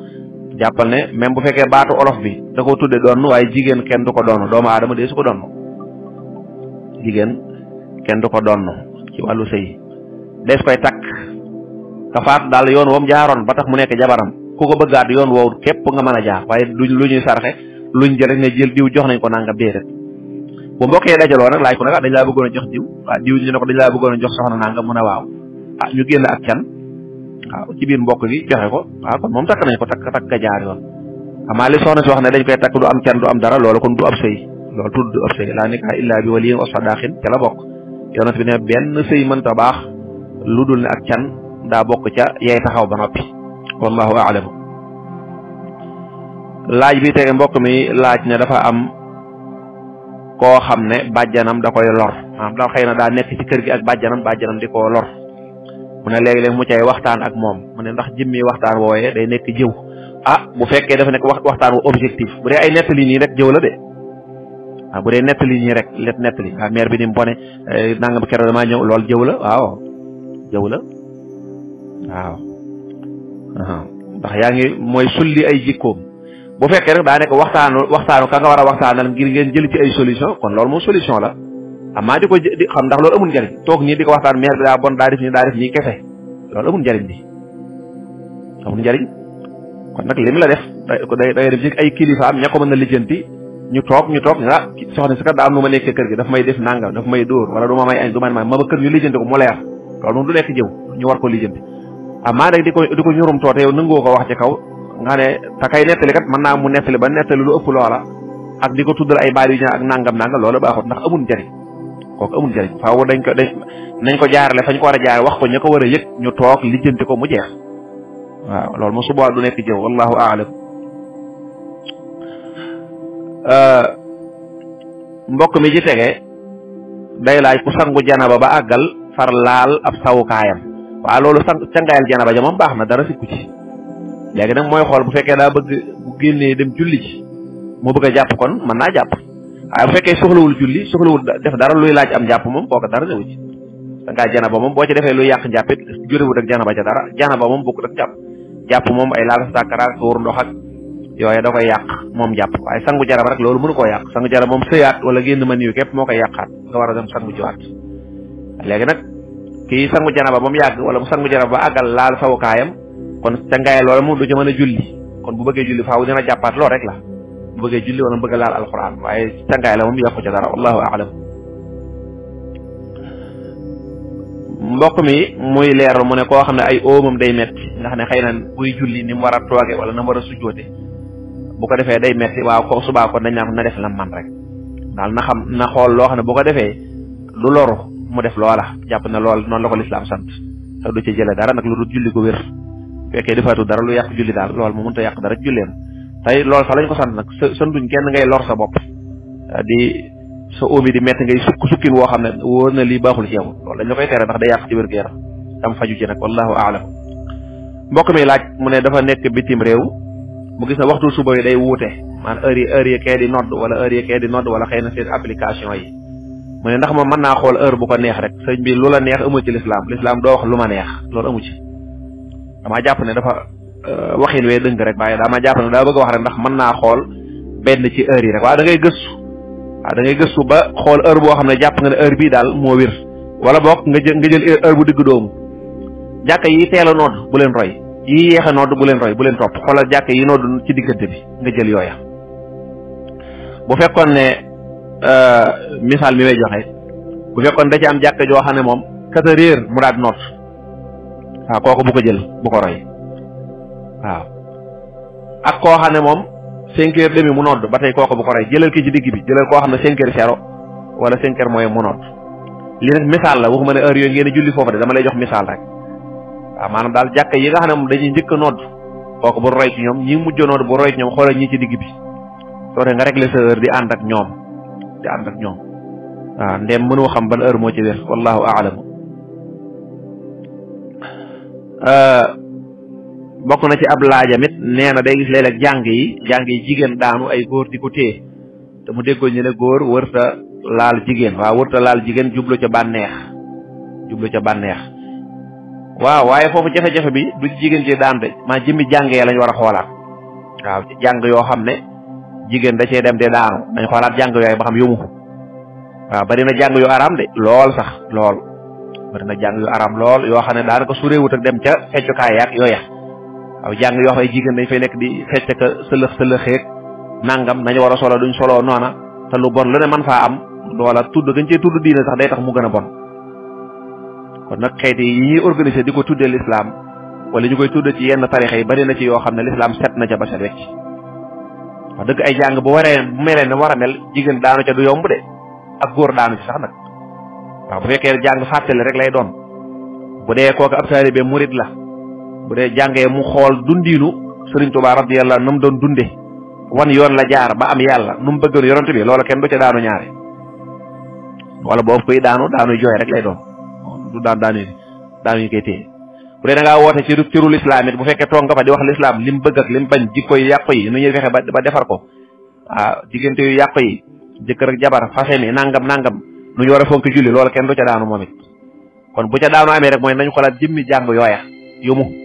jàppal ne même bu fekkee baatu olof bi da ko tuddee doon waaye jigéen kenn du ko doon doomu aadama dee su ko doon jigéen kenn du ko doon ci wàllu sëy dees koy takk ka faatu daal yoon woom jaaroon ba tax mu nekk jabaram ku ko ba bëggaat yoon woowu képp nga mën a jaar waaye du lu ñuy sarxe luñ jël rek ne jël diw jox nañ ko nanga déedéet bu mbokkee dajaloo nag laaj ko nag ah dañ laa bëggoon jox diw ah diw ñu ne ko dañ laa bëggoon a jox soxna nga mën a waaw ah ñu génn ak can waaw ci biir mbokk gi joxe ko waaw kon moom takk nañ ko takk takk ka jaari yoon amaa soxna si wax ne dañ koy takk du am can du am dara loolu kon du ab sëy tu tudd du ab sëy laa nikaaha illaa bi waliyin la bokk yonent bi ne benn sëy mënta baax lu dul ne ak can daa bokk ca yay taxaw ba noppi wallahu a'lam laaj bi tege mbokk mi laaj ne dafa am koo xam ne bàjjanam da koy lor maanaam daal xëy na daa nekk ci kër gi ak bàjjanam bàjjanam di ko lor mu ne léeg le mu cay waxtaan ak moom mu ne ndax jëmmi waxtaan wooyee day nekk jëw a ah bu fekkee dafa nekk waxtaan wu objectif bu dee ay nettali nii rek jëw la de ah bu dee nettali nii rek let nettali ah maire bi ni mu bone eh, nangam keroog damaa ñëw lool jëw la waaw la waaw uh-huh. ndax yaa ngi mooy sulli ay jikkoom bu fekkee rek daa nekk waxtaanu waxtaanu ka nga war a waxtaanal ngir ngeen jël ci ay solution kon loolu moom solution la amaa di ko di ndax loolu amul njariñ toog nii ko waxtaan maire bi daa bon daa def nii bi amul njariñ nag lim la def day day dem ci ay kilifaam ña ko mën a lijjanti ñu toog ñu toog ah soxna si kat am nu ma nekkee kër gi daf may def nangam daf may dóor wala du ma may añ du ma may ma ko mu leer loolu moom du nekk war ko lijjanti amaa nag di ko di ko ñurum toote yow nangoo ko wax ci kaw nga ne te kay nettali kat mën naa mu nettali ba nettali lu ëpp loola ak di ko tuddal ay baal yu ñaan ak nangam nangam loola baaxut ndax amul njariñ kok amul jëriñ faaw dañ ko dañ nañ ko jaarale fañ ko wara jaar wax ko ñako wara yek a yëg ñu toog lijjanti ko mu jeex waaw loolu mosu boobaa du nekk jëw wallahu euh mbokk mi ci tege day laaj ku sangu janaba ba agal far laal ab kayam wa loolu sang cangaayal janaba ja moom baax na dara sikku ci legi nak moy xol bu fekke da bëgg bu génnee dem julli ci mo bëgg japp kon man na japp waaye bu fekkee soxlawul julli soxlawul def dara luy laaj am njàpp moom kooka dara newu ci da ngaa janaba moom boo ci defee luy yàq njàppit jotewut ak janaba ca dara janaba moom bokkut ak jàpp jàpp moom ay laal sàkkaraak tuur ndox ak yooye da koy yàq moom jàpp waaye sangu jarab rek loolu mënu koo yàq sangu jarab moom sëyaat wala génn ma niyu képp moo koy yàqaat nga war a dem sangu jiwaat léegi nag kii sangu janaba ba mu yàgg wala mu sangu jarab ba àggal laal sawukaayam kon ca ngaye loola mu du ca mën a julli kon bu bëggee julli faaw dina jàppaat lool rek la bëgg julli wala mu bëgg laal alquran waaye tàngaay la moom yokku ca dara wallahu aalam mbokk mi muy leeral mu ne koo xam ne ay oomam day metti nga xam ne xëy na buy julli ni mu war a tooge wala na mu war a sujjoote bu ko defee day metti waaw ko subaa ko dañ na def la man rek daal na xam na xool loo xam ne bu ko defee lu loru mu def loola jàpp na lool noonu la ko lislaam sant sax du ci jële dara nag lu dul julli ko wér fekkee defaatu dara lu yàq julli daal loolu mu mënta yàq dara julleem tey loolu sax lañ ko sant nag sa santuñ kenn ngay lor sa bopp di sa oom yi di métti ngay sukk sukkin woo xam ne wóor na lii baaxul ci yow a dañ koy tere ndax day yàq ci wér gu yaram tam faju ci nag wallahu mbokk mi laaj mu ne dafa nekk bitim réew mu gis na waxtu suba yi day wuute maanaam heure heure yi di nodd wala heure yi nodd wala xëy na seen application yi mu ne ndax ma naa xool heure bu ko neex rek sëñ la neex amu ci lislaam lislaam doo wax lu ma neex loolu amu ci damaa jàpp ne dafa Euh, waxin wee dëng rek waaye daa ma jàpp ne daa bëgg a wax rek ndax mën naa xool benn ci heure yi rek waa da ngay gëstu waaw da ngay gëstu ba xool heure boo xam ne jàpp nga ne heure bii daal moo wér wala boog nga jël nga jël heure bu digg doomu jàkka yi teel a nodd bu leen roy yi yéex a bu leen roy bu leen topp xoolal jàkka yi nodd ci diggante bi nga jël yooya bu fekkoon ne euh, misaal mi may joxe bu fekkoon da ci am jàkka joo xam ne moom quatre heures mu daal nodd waaw kooku bu a jël bu waaw ak koo xam ne moom cinq heures demi mu nodd ba tey kooku bu ko rey jëlal ki ci digg bi jëlal koo xam ne cinq heures zéro wala cinq heures mooy mu nodd li nag misaal la waxuma ne heure yooyu ngeen julli foofu de dama lay jox misaal rek waaw maanaam daal jàkka yi nga xam ne moom dañuy njëkk a nodd kooku bu roy ci ñoom ñi mujj a nodd bu roy ci ñoom xoolal ñi ci digg bi soo nga réglé sa heure di ànd ak ñoom di ànd ak ñoom waaw ndem mënoo xam ban heure moo ci wér wallahu aalam euh, bokku na ci ab laajamit nee na day gis leel ak jàng yi jàng yi jigéen daanu ay góor di ko téye te mu déggoo ñu ne góor wërta laal jigéen waaw wërta laal jigéen jublu ca bànneex jublu ca bànneex waaw waaye foofu jafe-jafe bi du jigéen ci daan de maa jëmmi yi ya lañ war a xoolaat waaw jàng yoo xam ne jigéen da cee dem de daanu dañ xoolaat jàng yooyu ba xam yumu waaw bari na jàng yu aram de lool sax lool bari na jàng yu aram lool yoo xam ne daanaka su ak dem ca feccukaay yaag yooya aw jàng yoo xam ay jigéen dañ fay nekk di fecc ka sëlëx sëlëxeeg nangam nañu war a solo duñ soloo noona te lu bon lu ne man faa am loola tudd gañ cee tudd diine sax day tax mu gën a bon kon nag xeet yi ñuy organiser di ko tuddee lislaam wala ñu koy tudd ci yenn tarixa yi bari na ci yoo xam ne lislaam set na ca ba set wecc wax dëgg ay jàng bu waree bu melee war a mel jigéen daanu ca du yomb de ak góor daanu ci sax nag waaw bu fekkee jàng fàttali rek lay doon bu dee kooku ab taalibe la bu dee jàngee mu xool dundinu sëriñ tuba radiyallahu nu mu doon dunde wan yoon la jaar ba am yàlla num mu bëggoon yorante bi loola kenn du ca daanu ñaare wala boobu kuy daanu daanu joy rek lay doon du daan daanu daanu ñu koy téye bu dee da ngaa woote ci cërul islam it bu fekkee toog nga fa di wax l'islam lim bëgg ak lim bañ jikko yi yàqu yi nu ñuy fexe ba defar ko waaw ah, diggante yu yàqu yi jëkkër ak jabar fase mi nangam nangam nu ñu war a fonk julli loola kenn du ca daanu moom it kon bu ca daanu amee rek mooy nañ xoolaat jëmmi jàng yooya yumu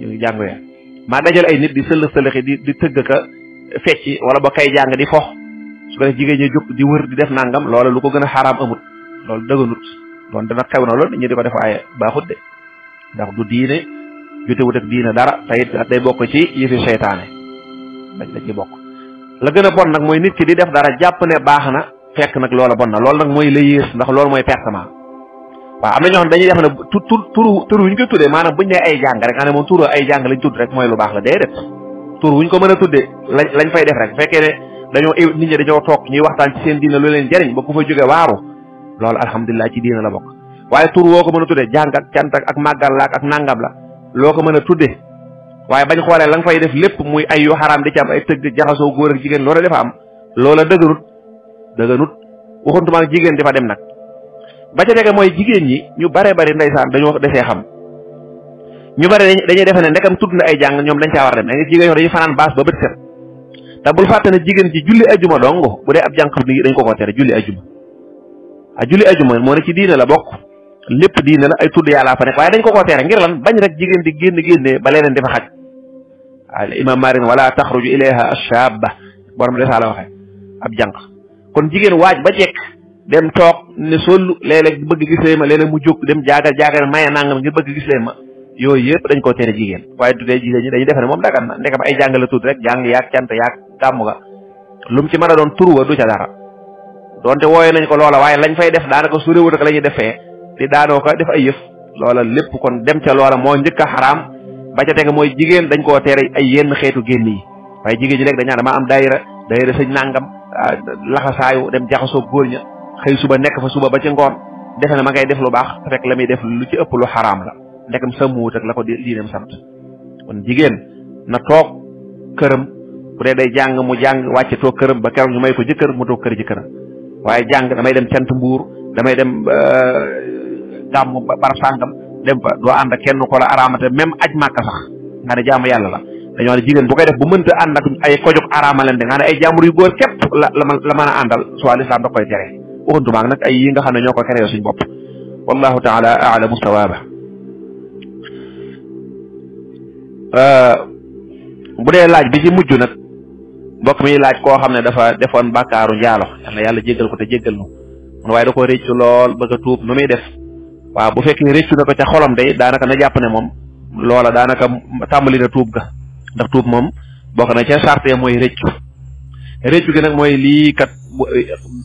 jàngu ya maa dajal ay nit di sëllëx sëllëxi di di tëgg ka fecci wala ba kay jàng di fox su ko def jigéen ñi jóg di wër di def nangam loola lu ko gën a xaraam amut loolu dëgganut doon dana xew na loolu ñu di ko def waaye baaxut de ndax du diine jotewut ak diine dara tayit day bokk ci yëfi seytaane dañ da ci bokk la gën a bon nag mooy nit ki di def dara jàpp ne baax na fekk nag loola bon na loolu nag mooy la yées ndax loolu mooy pertement waaw am na ñoo xam dañuy def ne tu tur tur tur wuñ ko tuddee maanaam buñ ne ay jàng rek nga moom turu ay jàng lañ tudd rek mooy lu baax la déedéet ko mën a tuddee lañ lañ fay def rek fekkee ne dañoo nit ñi dañoo toog ñuy waxtaan ci seen diina lu leen jëriñ ba ku fa jóge waaru loolu alhamdulilah ci diina la bokk waaye tur woo ko mën a tuddee jàng ak ak màggal la ak nangam la loo ko mën a tuddee waaye bañ xoolee la nga fay def lépp muy ay yu xaraam di ci am ay tëgg jaxasoo góor ak jigéen loola dafa am loola dëgërut dëgërut waxuntuma jigéen di fa dem nag ba ca dege moy jigen ñi ñu bare bare ndaysan dañu wax desee xam ñu bare dañuy defe ne ndekam tudd na ay jang ñom lañ ca war dem da nga jigéen yoo dañuy fanaan ba bët set ta bul fàtte ne jigéen julli aljuma dongo bu dee ab xam ni dañ ko ko téré julli aljuma a julli aljuma mo ne ci diina la bok lepp diina la ay tudd yàllaa fa nekk waye dañ ko ko téré ngir lan bañ rek jigen di genn genné ba leneen defa xaj al imam marin wala taxruju ilayha ashaba borom defa la waxe ab jang kon jigen waj ba jek dem tok ne sollu lele léeg bëgg gis leema lele mu jóg dem jaagal jaagal maye nangam ngir bëgg gis leema yoy yooyu dañ ko téré jigen waaye du dé jigen ñi dañuy defe mom moom dagan na ba ay jàng la rek jang yaak cyant yaak gàmm ga lum ci mara don doon wa du ca dara donte woyé nañ ko lola waaye lañ fay def daanaka su suré wut ak lañu défé di daano ko def ay yef lola lepp kon dem ca lola mo ñëk haram ba ca teg moy jigen dañ ko téré ay yenn xétu génni yi jigen ji rek dañ na dama am daayira daayira señ nangam ah, laxasaayu dem jaxasoo góor xëy suba nekk fa suba ba ci ngoon defe na ma ngay def lu baax rek la muy def lu ci ëpp lu xaraam la sa sàmmuwut ak la ko diineem sant kon jigéen na toog këram bu dee day jàng mu jàng wàcce toog këram ba keroog ñu may ko jëkkër mu toog kër jëkkëram waaye jàng damay dem cant mbuur damay dem euh, gàmm barab sàngam dem fa doo ànd ak kenn ko la araamate même aj màkka sax nga ne jaamu yàlla la dañoo ne jigéen bu koy def bu mënta ànd ak ay kojog araamaleen nga ne ay jaamur yu góor képp la la mën a àndal soit da koy tere waxantumaag nag ay yi nga xam ne ñoo ko créé suñ bopp wallahu taala aalamu sawaaba euh, bu dee laaj bi ci mujj nag mbokk mi laaj koo xam ne dafa defoon bàkkaaru njaalo yal na yàlla jéggal ko te jéggal nu mun waaye da koo réccu lool bëgg a tuub nu muy def waaw bu fekkee réccu na ko ca xolam day daanaka na jàpp ne moom loola daanaka tàmbali na tuub ga ndax tuub moom bokk na ca sarte mooy réccu réccu gi nag mooy lii kat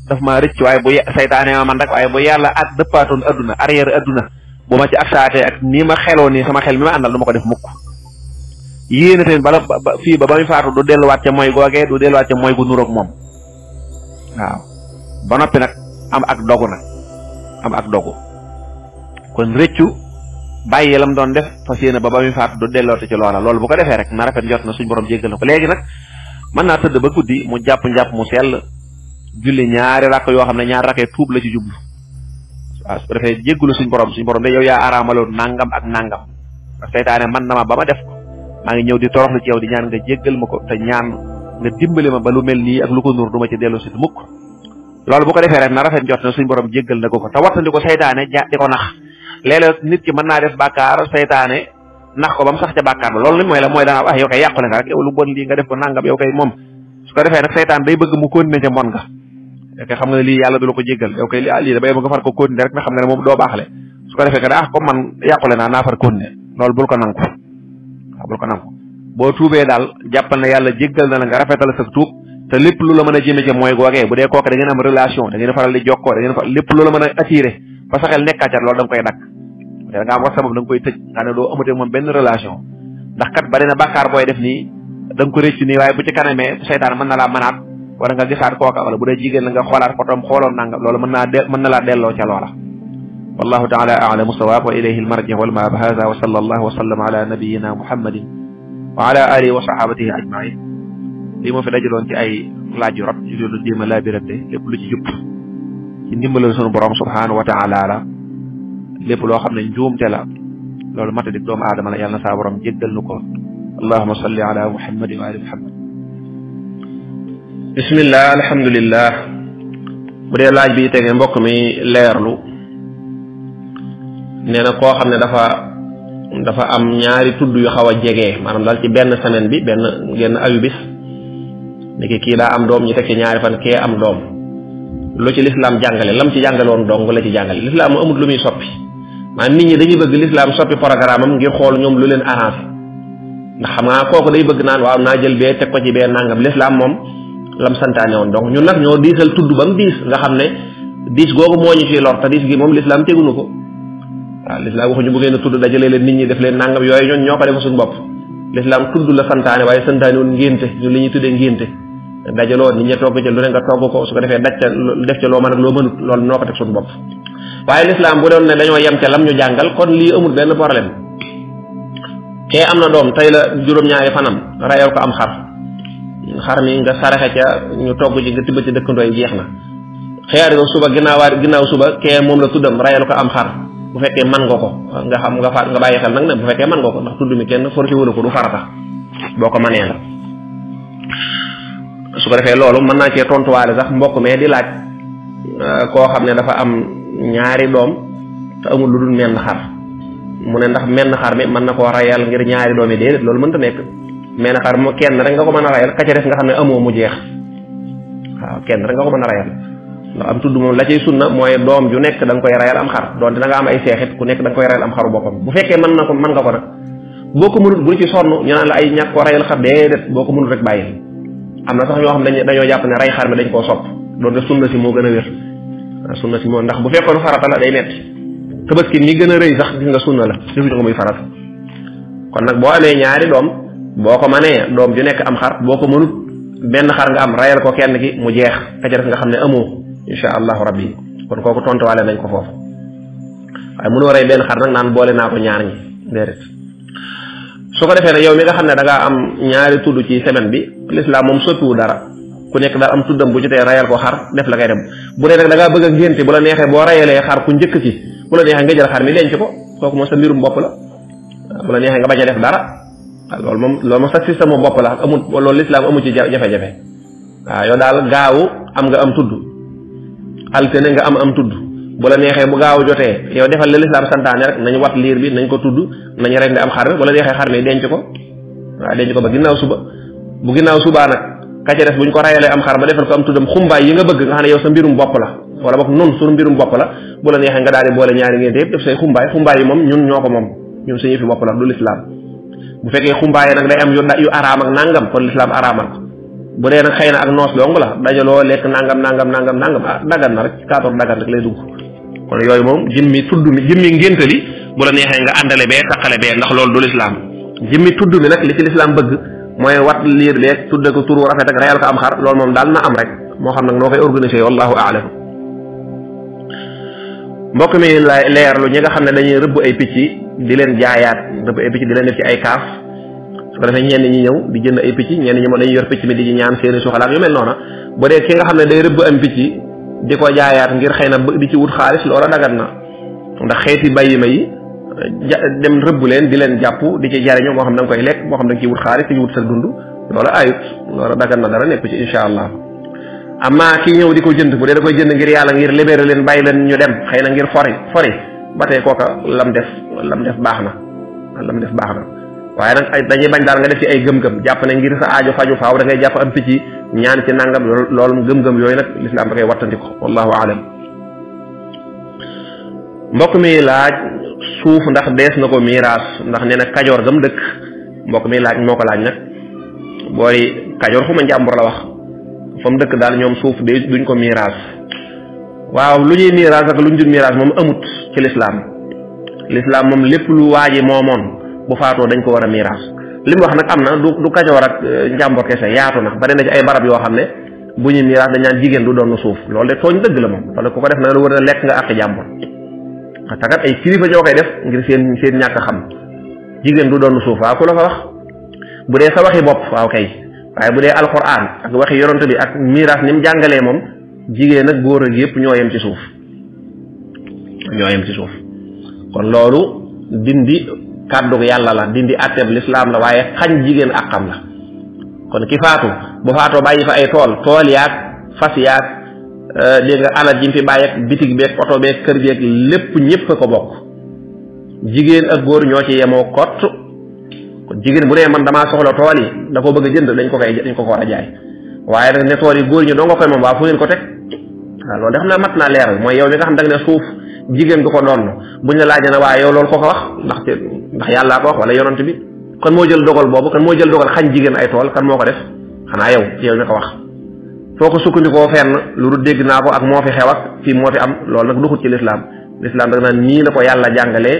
daf ma rëcc waaye bu saytaane ma man rek waaye bu yàlla at dëppaatoon adduna arrière adduna bu ma ci ak saatee ak nii ma xeloo nii sama xel mi ma àndal du ma ko def mukk yéene tamit bala fii ba ba muy faatu du delluwaat ca mooy googee du delluwaat ca mooy gu nurook moom waaw ba noppi nag am ak dogu nag am ak dogu kon rëccu bàyyi lam doon def fas yéene ba ba muy faatu du delloote ci loola loolu bu ko defee rek na rafet jot na suñ borom jéggal na ko léegi nag man naa tëdd ba guddi mu jàpp jàpp mu sell julli ñaari rakk yoo xam ne ñaari rakkee tuub la ci jublu waaw su ko defee jéggulu suñ borom suñ borom de yow yaa araamaloon nangam ak nangam ndax seytaane na ma ba ma def ko maa ngi ñëw di toroxlu ci di ñaan nga jéggal ma ko te ñaan nga dimbali ma ba lu mel nii ak lu ko nur du ma ci dellu si mukk loolu bu ko defee rek na rafet njot na suñ borom jéggal na ko ko te wattandi ko seytaane ja di ko nax léeg nit ki mën naa def bàkkaar seytaane nax ko bam sax ca bakkar ba lim moy la moy da nga ah yow kay yàqule nga rek yow lu bon li nga def ko nangam yow kay mom su ko defee nag seytaan day bëgg mu continuer ca mon nga yow kay xam nga li yàlla du la ko jéggal yow kay li ali da bay ma nga far ko continuer rek nga xam ne moom doo baaxale su ko defee nga ah comme man yàqule naa naa far continuer loolu bul ko nang ko bul ko nangu boo tuubee daal jàppal na yàlla jéggal na la nga rafetal sa tuub te lépp lu la mën a jëme ca mooy googee bu dee kooke da ngeen am relation da ngeen faral di jokkoo da ngeen fa lépp lu la mën a attiré ba saxel nekkaa ca loolu da nga koy dakk da ngaa wax sabab da nga koy tëj nga ne benn relation ndax kat bari na bàkkaar booy def nii da nga ko rëcc nii waaye bu ci kanamee seytaan mën na laa mënaat wala nga gisaat kooka wala bu de jigéen la nga xoolaat fotoom xooloon nangam loolu mën naa de mën na laa delloo ca loola wallahu taala alamu sawaab wa ilayhi almarji walmaab hada wa sallallahu wa sallam ala nabiyina muhammadin wa ala alihi wa sahabatihi ajmain lii moo fi dajaloon ci ay laaj yu rab yu doon jéem a laabirante lépp lu ci jub ci ndimbalal sunu borom subhanahu wa taala la lepp lo xamne ne te la lolou mata dik doom adam la yalla sa borom jéggal nuko allahumma salli ala muhammad wa ali muhammad bismillah alhamdulillah bude laaj bi tege mbok mi leerlu neena ko xamne dafa dafa am ñaari tudd yu xawa jege maanaam ci benn semaine bi benn genn ayu bis niki ki daa am doom ñu tek ci ñaari fan ke am doom lu ci l'islam jangale lam ci jàngale won dong la ci jàngale lislaam amul lu muy soppi maanaam nit ñi dañuy bëgg lislaam soppi programme am ngir xool ñoom lu leen arrangé ndax xam nga kooku day bëgg naan waaw naa jël bee teg ko ci bee nangam lislaam moom lam santaane woon donc ñun nag ñoo diisal tudd bam mu diis nga xam ne diis googu moo ñu ciy lor te diis gi moom lislaam tegunu ko waaw lislaam waxuñu bu ngeen a tudd dajale leen nit ñi def leen nangam yooyu ñoon ñoo ko defa bopp lislaam tudd la santaane waaye santaane woon ngénte ñu li ñuy tuddee ngénte dajalo nit ñi togg ci lu ne nga togg ko su ko defee dacc def ci loo man ak loo mënut loolu noo ko teg suñu bopp waaye lislaam bu doon ne dañoo yem ca lam ñu jàngal kon lii amul benn problème kee am na doom tey la juróom-ñaari fanam rayal ko am xar xar mi nga saraxe ca ñu togg ci nga tibb ci dëkkandoo ndoy jeex na xeer yow suba ginnaawaar ginnaaw suba kee moom la tuddam rayal ko am xar bu fekkee man nga ko nga xam nga fa nga bàyyi xel nag ne bu fekkee man nga ko ndax tudd mi kenn forci wulu ko du farata boo ko manee la su ko defee loolu mën naa cee tontuwaale sax mbokk mee di laaj euh, koo xam ne dafa am ñaari doom te amul lu dul menn xar mu ne ndax menn xar mi mën na koo rayal ngir ñaari doom yi déedéet loolu mënta nekk menn xar mu kenn rek nga ko mën a rayal ka ca nga xam ne amoo mu jeex waaw kenn rek nga ko mën a rayal ndax am tudd moom la cay sunna mooy doom ju nekk da nga koy rayal am xar doon dina nga am ay seexit ku nekk da nga koy rayal am xaru boppam bu fekkee mën na ko mën nga ko nag boo ko mënul bu ci sonn ñu naan la ay ñàkk ko rayal xar déedéet boo ko mënul rek bàyyi am na sax yoo xam dañ dañoo jàpp ne rey xar mi dañ koo sopp doonte sunna si moo gën a wér sunna si moo ndax bu fekkoon farata la day metti tabaski mi gën a rëy sax gis nga sunna la defuñu ko muy farata kon nag boo amee ñaari doom boo ko mënee doom ju nekk am xar boo ko mënut benn xar nga am rayal ko kenn ki mu jeex ka ca nga xam ne amoo insha allahu yi kon kooku tontuwaale nañ ko foofu waaye mënoo rey benn xar nag naan boole naa ko ñaar ñi su ko defee ne yow mi nga xam ne da ngaa am ñaari tudd ci semaine bi l'islam moom sottiwu dara ku nekk daal am tuddam bu ci tee rayal ko xar def la ngay dem bu dee nag da ngaa bëgg a ngénte bu la neexee boo rayalee xar ku njëkk ci bu la neexee nga jël xar mi denc ko kooku moom sa mbirum bopp la ah, bu la neexee nga bañ a def dara ah, loolu moom loolu moom sa système bopp la amul loolu l'islam amu ci jafe-jafe waaw ah, yow daal gaawu am nga am tudd alterné nga am am tudd bu la neexee bu gaaw jotee yow defal la lislaam santaane rek nañ wat liir bi nañ ko tudd nañ rend am xar bu la neexee xar mi denc ko waaw denc ko ba ginnaaw suba bu ginnaaw subaa nag ka def des buñ ko rayalee am xar ba defal ko am tuddam xumbaay yi nga bëgg nga xam ne yow sa mbirum bopp la wala boog nun suñu mbirum bopp la bu la neexee nga daal di boole ñaari ngeen yëpp def say xumbaay xumbaay yi moom ñun ñoo ko moom ñun suñu fi bopp la du lislaam bu fekkee xumbaay nag day am yu yu araam ak nangam kon lislaam araamal bu dee xëy na ak noos dong la dajaloo lekk nangam nangam nangam nangam ah daggan na rek ci kaatoor lay dugg kon yooyu moom jimmi tudd mi jimmi ngént li bu la neexee nga àndale bee taqale bee ndax loolu du lislaam jimmi tudd mi nag li ci lislaam bëgg mooy wat liir beeg tudd ko turu rafet ak rayal ko am xar loolu moom daal na am rek moo xam nag noo koy organisé wallahu aalam mbokk mi leer lu ñi nga xam ne dañuy rëbb ay picc di leen jaayaat rëbb ay picc di leen def ci ay kaaf su ko defee ñenn ñi ñëw di jënd ay picc ñenn ñi moom dañuy yor picc mi di ñaan seen i suxalaat yu mel noona bu dee ki nga xam ne day rëbb am picc di ko jaayaat ngir xëy na di ci wut xaalis loola dagat na ndax xeeti bàyyima yi ja dem rëbb leen di leen jàpp di ci jariñu moo xam da koy lekk moo xam da nga wut xaalis di ci wut sa dund loola ayut loola dagat na dara nekku ci incha allah amma ki ñëw di ko jënd bu dee da koy jënd ngir yàlla ngir libéré leen bàyyi leen ñu dem xëy na ngir fori fori ba tey kooka lam def lam def baax na lam def baax na waaye nag dañuy bañ daal nga def ci ay gëm jàpp ne ngir sa aajo faju faaw da ngay jàpp am picc ñaan ci nangam loolu gëm-gëm yooyu nag lislaam da koy wallahu aalam mbokk mi laaj suuf ndax dees na ko miiraas ndax nee na kajoor gam dëkk mbokk mi laaj moo ko laaj nag booy kajoor fu ma njàmbur la wax fa mu dëkk daal ñoom suuf de duñ ko miiraas waaw lu ñuy miiraas ak lu ñu dul miiraas moom amut ci lislaam lislaam moom lépp lu waaji moomoon bu faatoo dañ ko war a miiraas lim wax nak amna du du kajoor ak eh, njambor kesse yaatu nak bari na ci ay barab yo xamne bu ñu miraas dañ jigen du doon suuf lolé toñ deug la mom wala ku ko def na la war lek nga ak jambo takat ay kilifa jo koy def ngir seen seen ñak xam jigen du doon suuf wa ko la wax bu dé sa waxi bop wa kay waye bu dé alquran ak waxi yoronte bi ak miraas nim jangalé mom jigen nak goor ak yépp ñoo ci suuf ci suuf kon lolu dindi kaddu yalla la dindi atteeb l'islam la waye xagn jigen akam la kon ki faatu bu faato bayyi fa ay tol tol yaak fas yaag euh, de nga ala jim fi bàyyeeg bitig beeg oto beeg kër geeg lepp ñepp ko bok jigen ak goor ñoo ci yemoo kott kon bu re man dama soxla tol yi da ko bëgg jënd dañ ko kay dañ ko ko wara jaay waye nak ne tol yi goor ñu do nga koy moom ba fu ngeen ko tek waaw def na mat na leer moy yow mi nga xam da nga ne suuf jigéen du ko doon buñ la laajee na waaye yow loolu koo ko wax ndax te ndax yàllaa ko wax wala yonant bi kan moo jël dogal boobu kan moo jël dogal xañ jigéen ay tool kan moo ko def xanaa yow yow mi ko wax foo ko sukkandikoo fenn lu naa ko ak moo fi xew fii moo fi am loolu nag duxut ci lislaam lislaam da nga naan ñii la ko yàlla jàngalee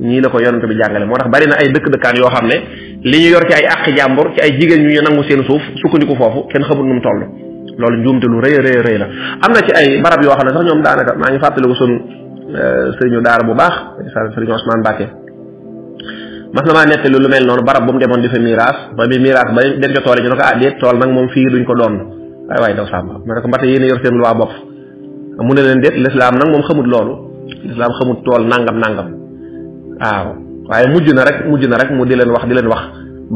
ñii la ko yonante bi jàngalee moo tax bari na ay dëkk dëkkaan yoo xam ne li ñu yor ci ay àqi jàmbur ci ay jigéen ñu ñu nangu seen suuf sukkandiku foofu kenn xamul nu mu loolu njuumte lu rëy rëy rëy la am na ci ay barab yoo xam ne sax ñoom daanaka maa ngi fàttaliku sun Euh, sëriñu daar bu baax sëriñu Ousmane Mbacke mas na maa nettali lu mel noonu barab bu mu demoon di fa miraas ba mi miraas ba den ca tool ñu ne ko ah déet tool nag moom fii duñ ko doon waaye waaye daw ma ne ko mbate yéen yor seen luwaa bopp mu ne leen déet lislaam nag moom xamut loolu lislaam tool nangam nangam waaw waaye mujj na rek mujj na rek mu di leen wax di leen wax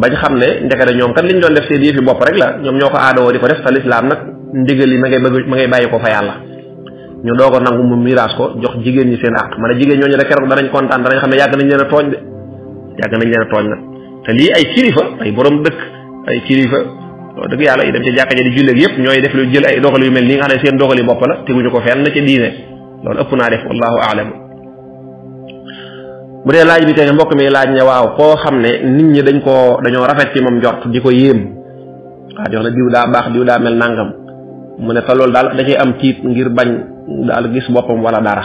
bañ xam ne ndekete ñoom kat liñ doon def seen yëfi bopp rek ñoom ñoo ko aadoo di ko def te lislaam nag ndigal yi ma ngay bëgg ma ngay bàyyi ko fa yàlla ñu doog a nangu mu miraas ko jox jigéen ñi seen àq man a jigéen ñooñu rek keroog danañ kontaan danañ xam ne yàgg nañ leen a tooñ de yàgg nañ leen a tooñ nag te lii ay kilifa ay borom dëkk ay kilifa wax dëgg yàlla yi dem ca jàkka ja di julleeg yëpp ñooy def lu jël ay doxal yu mel nii nga xam ne seen doxali bopp la teguñu ko fenn ca diine loolu ëpp naa def wallahu aalam bu dee laaj bi tey mbokk mi laaj ne waaw koo xam ne nit ñi dañ koo dañoo rafet ci moom njort di ko yéem waaw di wax ne mel nangam daal gis boppam wala dara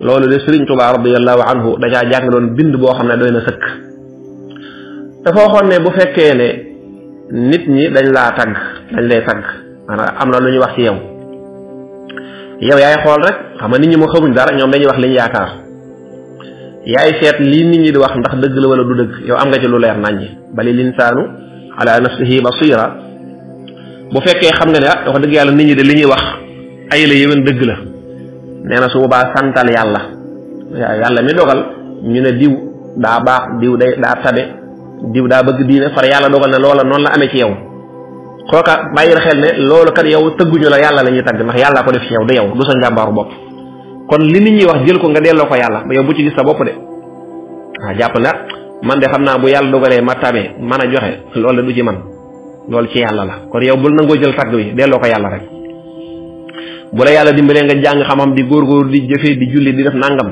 loolu de Sëriñ Tuubaa radiyallahu anhu da caa jàng doon bind boo xam ne doy na sëkk dafa waxoon ne bu fekkee ne nit ñi dañ laa tagg dañ lay tagg maanaam am na lu ñuy wax ci yow yow yaay xool rek xam nga nit ñi mu xamuñ dara ñoom dañuy wax li ñu yaakaar yaay seet lii nit ñi di wax ndax dëgg la wala du dëgg yow am nga ci lu leer naññ bali linsaanu ala nafsihi basira bu fekkee xam nga ne ah wax dëgg yàlla nit ñi de li ñuy wax ay la dëgg la nee na su boobaa santal yàlla yàlla mi dogal ñu ne diw daa baax diw day daa tabe diw daa bëgg diine far yàlla dogal ne loola noonu la amee ci yow kooka bàyyil xel ne loolu kat yow tëgguñu la yàlla la ñuy tagg ndax yàlla ko def ci yow du yow du sa njàmbaaru bopp kon li nit ñi wax jël ko nga delloo ko yàlla ba yow bu ci gis sa bopp de waaw jàpp na man de xam naa bu yàlla dogalee ma tamee man a joxe loolu du ci man loolu ci yàlla la kon yow bul nangoo jël tagg bi ko yàlla bu la yàlla dimbalee nga jàng xam di góor góorgóor di jëfee di julli di def nangam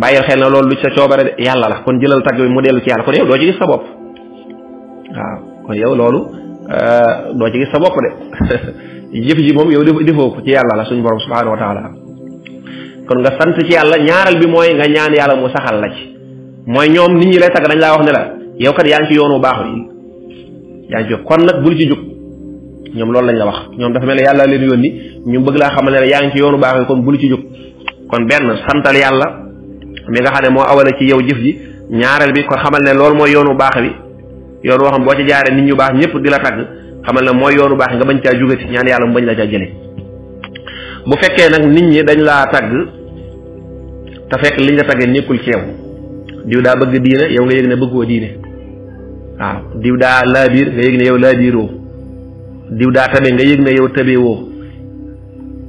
bàyyil xel na loolu lu sa coobare de yàlla la kon jëlal tagg bi mu dellu ci yàlla kon yow doo ci gis yow loolu euh, doo ci sa bopp de (laughs) ji moom yow defoo ko ci yàlla la suñu borom subhanahu wa taala kon nga sant ci yàlla ñaaral bi mooy nga ñaan yàlla mu saxal la ci mooy ñoom nit ñi lay tagg dañ laa wax ne la yow kat yaa ngi ci yoonu baax wi yaa ngi ci kon nag bul ci jug ñoom loolu lañ la wax ñoom dafa mel ne yàlla leen yónni ñu bëgg laa xamal ne yaa ngi ci yoonu baax yi kon bul ci jóg kon benn santal yàlla mi nga xam ne moo awale ci yow jëf ji ñaareel bi kon xamal ne loolu mooy yoonu baax bi yoon woo boo ci jaaree nit ñu baax ñëpp di la tagg xamal ne mooy yoonu baax nga bañ caa jugati ñaan yàlla mu bañ la caa jëlee bu fekkee nag nit ñi dañ laa tagg te fekk liñ la taggee nekkul ci yow diw daa bëgg diine yow nga yëg ne bëggoo diine waaw diw daa laabiir nga yëg ne yow laabiiroo diw daa tabe nga yëg na yow tabe woo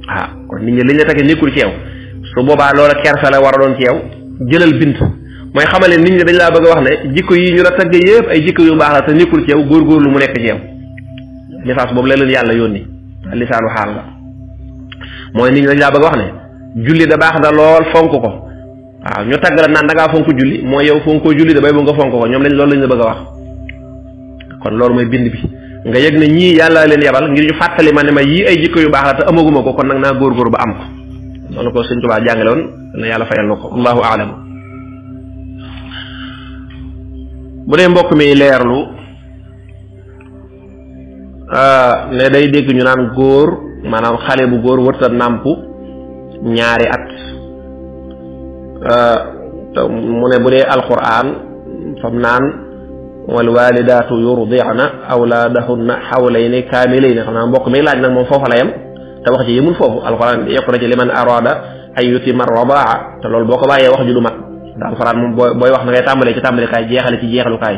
waaw ah, kon nit ñi li la tagge nekkul ci yow su boobaa loola kersa la war a doon ci yow jëlal bint mooy xamale nit ñi dañ laa bëgg a wax ne jikko yi ñu la tagg yëpp ay jikko yu baax la te nekkul ci yow góorgóorlu mu nekk ci yow message boobu la leen yàlla yónni lisaanu xaal la mooy nit ñi dañ laa bëgg wax ne julli da baax na lool fonk ko waaw ah, ñu tagg la naan da ngaa fonk julli mooy yow fonkoo julli da bay bu nga fonk ko ñoom lañ loolu lañ la bëgg a wax kon loolu mooy bind bi nga yëg ne ñii yàlla leen yabal ngir ñu fàttali ma ne ma yii ay jikko yu baax la te amaguma ko kon nag naa góorgóor ba am ko noonu ko sëñ Tuubaa yàlla fayal na ko allahu aalam bu mbokk mi leerlu ah, ne day dégg ñu naan góor maanaam xale bu góor wërta nàmpu ñaari at ah, te mu ne bu dee alquran fam naan walwalidaatu yurdi'na awlaadahunna xawlayni kaamilayni xam naa mbokk mi laaj na moom foofa la yem te wax ji yemul foofu alxuraan yokk na ci liman arada an yutima rabaa te loolu boo ko bàyyee wax ju du mat te moom booy booy wax da ngay tàmbalee ci tàmbalikaay jeexale ci jeexalukaay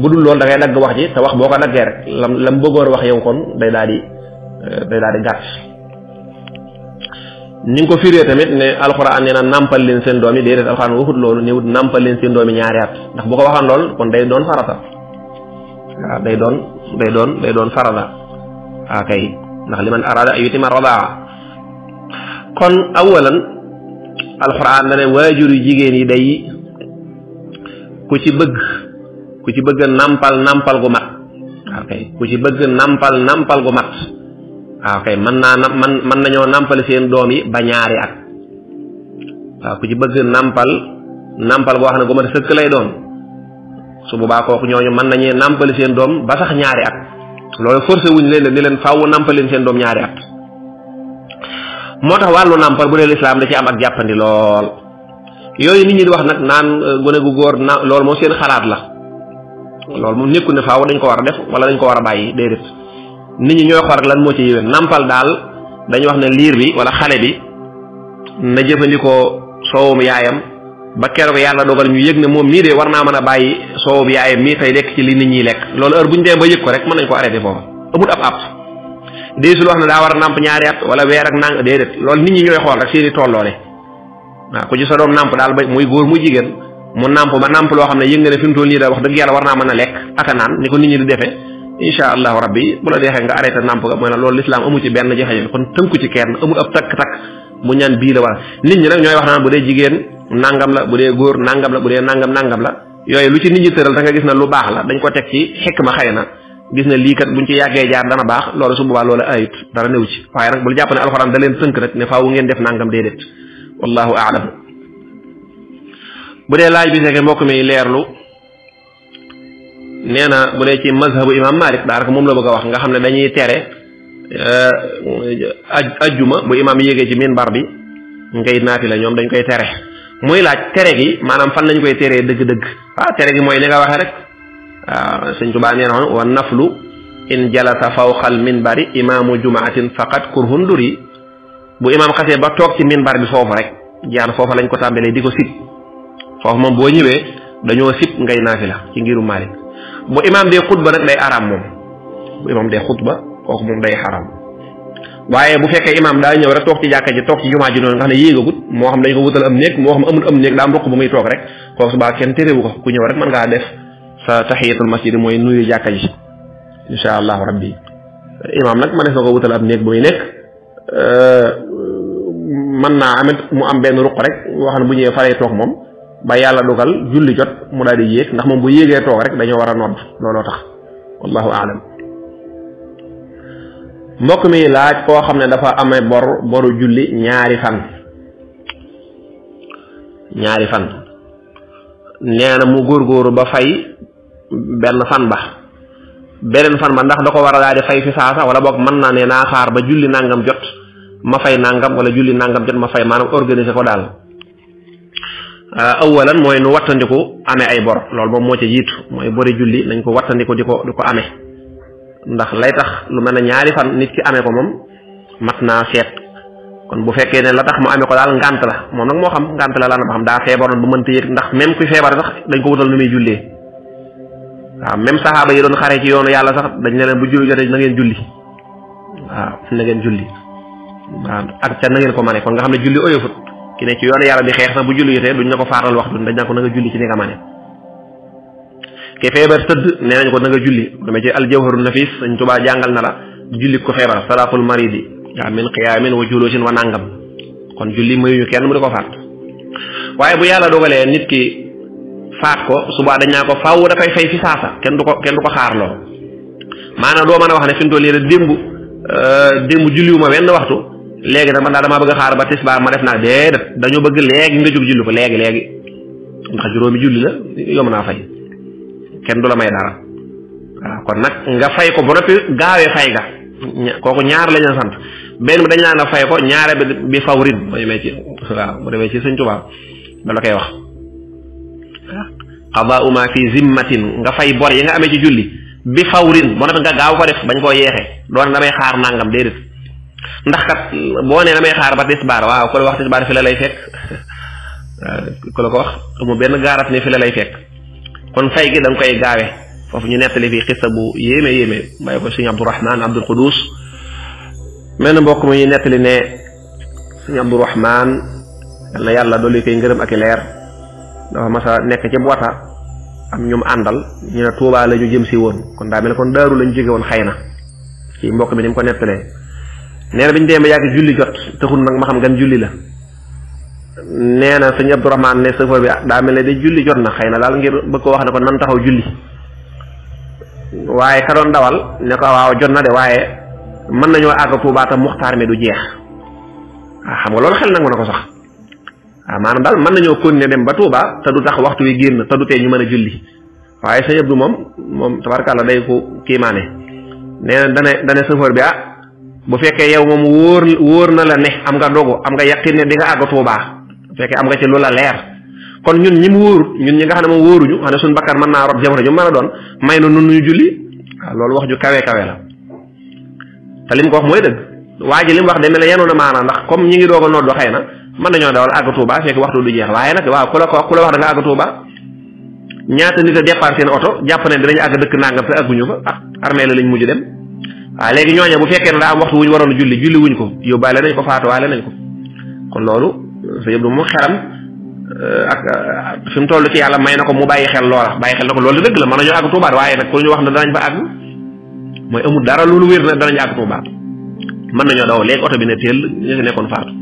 bu dul loolu da ngay dagg wax ji te wax boo ko daggee rek lam lam bëggoon wax yow kon day daal di euh, day daal di gàtt ni nga ko fiiree tamit ne alxuraan nee na nàmpal leen seen doom yi déedéet alxuraan waxut loolu néewut nàmpal leen seen doom yi ñaari at ndax bu ko waxaan lool kon day doon farata day doon day doon day doon farata waaw ndax li man arada ay yutima radaa kon awalan alxuraan la ne waajur yu jigéen yi day ku ci bëgg ku ci bëgg nàmpal nàmpal gu mat ku ci bëgg nàmpal nàmpal gu mat waaw ah, kay mën naa na man mën nañoo nàmpal seen doom yi ba ñaari at waaw ku ci bëgg nàmpal nàmpal boo xam ne gu mat sëkk lay doon su baa kooku ñooñu mën nañee nàmpal seen doom ba sax ñaari at loolu forcé wuñ leen ni leen faaw nàmpaleen seen doom ñaari at moo tax wàllu nàmpal bu dee lislaam da ci am ak jàppandi lool yooyu nit ñi di wax nag naan euh, gone gu góor na loolu moom seen xalaat la loolu moom nekkul ne faaw dañ ko war a def wala dañ ko war a bàyyi nit ñi ñoo xor lan moo ci yéwén nampal daal dañu wax ne liir bi wala xale bi na jëfandikoo soowum yaayam ba keroog yàlla dogal ñu yëg ne moom mii de war naa mën a bàyyi soowum yaayam mii tey lekk ci li nit ñiy lekk loolu heure bu ñu demee ba yëg ko rek mën nañ ko arrêté foofu amut ab ab diisul wax ne daa war a namp ñaari at wala weer ak nang déedéet loolu nit ñi ñooy xool rek seeni tolloole waaw ku ci sa doom namp daal ba muy góor muy jigéen mu namp ba namp loo xam ne war a lekk ak a naan ni ko insha allahu rabbi bu la area nga arrêté namp ga moy na loolu amu ci ben jaxañal kon teunku ci kenn amu ab tak tak mu ñaan bi la war nit ñi nak ñoy wax na bu dé jigen nangam la bu dé góor nangam la bu dé nangam nangam la yoy lu ci nit ñi teural da nga gis na lu bax la dañ ko tek ci hikma xeyna gis na li kat buñ ci yagge jaar dana bax lolu su buba lolu ayit dara neew ci waye bu japp ne alcorane da leen teunk rek ne faaw ngeen def nangam wallahu a'lam bu dee laaj bi mbok mi leerlu nee bu dee ci mazhabu imam malik daanaka moom la bëgg a wax nga xam ne dañuy tere eh, ajjuma bu imam yéegee ci minbar bi ngay naati la ñoom dañ koy tere muy laaj tere gi maanaam fan lañ koy teree dëgg-dëgg ah tere gi mooy li nga waxee rek waaw ah, sëñ tubaa na wa naflu in jalasa minbari imaamu jumaatin faqat kurhun duri bu imam xasee ba toog ci minbar bi foofu rek jaan foofa lañ ko tàmbalee di ko sib foofu moom boo ñëwee dañoo sib ngay naafi ci ngiru malik bu imaam dee xutba nag day araam moom bu imaam dee xutba kooku moom day xaraam waaye bu fekkee imaam daa ñëw rek toog ci jàkka ji toog ci jumaa ji noonu nga xam ne yéegagut moo xam dañ ko wutal am néeg moo xam amul am néeg daa am ruq bu muy rek kooku subaa kenn téréwu ko ku ñëw rek mën ngaa def sa mooy nuyu jàkka ji insha allahu rabbi imaam nag mënees na ko wutal am néeg bu muy nekk euh, mën naa amit mu am benn ruq rek boo xam ne bu ñëwee fa toog moom ba yàlla dogal julli jot mu daal di yéeg ndax moom bu yéegee toog rek dañoo war a nodd looloo tax wallahu aalam mbokk mi laaj koo xam ne dafa amee bor boru julli ñaari fan ñaari fan nee na mu góoru ba fay benn fan ba beneen fan ba ndax da ko war a daal di fay fi saasa wala boog mën naa ne naa xaar ba julli nangam jot ma fay nangam wala julli nangam jot ma fay maanaam organiser ko daal Euh, awalan mooy nu wattandiku amee ay bor loolu moom moo ca jiitu mooy bori julli nañ ko wattandiku di ko di ko amee ndax lay tax lu mel ne ñaari fan nit ki amee ko moom mat naa seet kon bu fekkee ne la tax mu amee ko daal ngant la moom nag moo xam ngant la la ba xam daa feebaroon bu mënta yëg ndax même ku feebar sax dañ ko wutal nu muy jullee waaw même saxaaba yi doon xare ci yoonu yàlla sax dañ ne leen bu jullu jote na ngeen julli waaw na ngeen julli waaw ak ca na ngeen ko mane kon nga xam ne julli oyofut ki ne ci yoon yàlla bi xeex sa bu julli yitee duñ la ko faaral duñ dañ na ko na nga julli ci ni nga mane ke feebar tëdd nee nañ ko nga julli dama ci aljawharu nafis sañ tuba jàngal na la julli ko feebar salaatul maridi ya min qiyamin wa julusin wa nangam kon julli mayuñu kenn mu di ko faat waaye bu yàlla dogalee nit ki faat ko suba dañ naa ko faaw da koy fay fi saasa kenn du ko kenn du ko xaar loo maanaam doo mën wax ne fi mu toll démb euh, démb julliwuma wenn waxtu léegi nag man daal damaa bëgg xaar ba tisbaar ma def naa déedéet dañoo bëgg léegi nga jóg julli ko léegi léegi ndax juróomi julli la yom naa fay kenn du la may dara waaw kon nag nga fay ko ba noppi gaawee fay ga kooku ñaar lañ la sant benn bi fay ko ñaare bi bi fawrin boo may ci waaw bu demee ci sëñ tubaab da la koy wax xadaa uma fi zimmatin nga fay bor yi nga amee ci julli bi fawrin ba noppi nga gaaw ko def bañ koo yeexe doon damay xaar nangam déedéet ndax kat boo nee damay xaar ba tisbaar waaw ku la wax tisbaar fi la lay fekk (laughs) ku benn gaarat ne lay fekk kon fay gi da nga koy gaawe foofu ñu nettali fii xista bu yéeme yéeme bàyyi ko suñu abdourahman abdul qudus menn mbokk mi ñu nettali ne suñu abdourahman yal na yàlla dolli koy ngërëm ak i leer dafa mas a nekk ci bota am ñoom àndal ñu ne tuubaa la ñu jëm si woon kon daa mel kon daaru lañu jóge woon xay na ci mbokk mi ni mu ko nettalee nee na bi ñu demee yàgg julli jot taxul nag ma xam gan julli la nee na sëñ Abdourahman ne sëfoor bi ah, daa mel de julli jot na xëy na daal ngir bëgg ko wax ne ko nan taxaw julli waaye ka doon dawal ne ko waaw jot na de waaye mën nañoo àgg Tuubaa tam muxtaar mi du jeex waaw ah, xam nga loolu xel nangu na ko sax waaw ah, maanaam daal mën nañoo continuer dem ba Tuubaa te du tax waxtu wi génn te du tee ñu mën a julli waaye sëñ Abdou moom moom tabarkàlla day ko kiimaane bu fekke yow mom woor woor na la ne am nga dogo am nga yaqin ne di nga àgg tuuba fekke am nga ci lula leer kon ñun ñim woor ñun ñi nga xam mo moom wóoruñu xam bakkar man na rob jamono ju mën doon may na nun ñu julli ah, lool wax ju kawé kawé la ta lim ko wax moy deug waji lim wax demee la yenoon mana ndax comme ñi ngi dogo noddu xëy na mën dawal àgg tuuba fekke waxtu du jeex waye nak waaw kula ko kula wax da nga àgg tuuba ñaata nit départ seen auto japp ne dinañ ag dekk nangam fa aguñu fa ah armée la lañ dem waaw léegi ñooña bu fekkee ne daa am waxtu wuñu waroon julli julli wuñ ko yóbbaale nañ ko faatuwaale nañ ko kon loolu sa mu xeram ak euh, fi mu toll yàlla may na ko mu bàyyi xel loola bàyyi xel na ko loolu dëgg la mën nañoo àgg tuubaat waaye nag ku ñu wax ne danañ fa mooy amul dara loolu wér na danañ àgg tuubaat mën nañoo daw léegi oto bi ne teel ñu si nekkoon faatu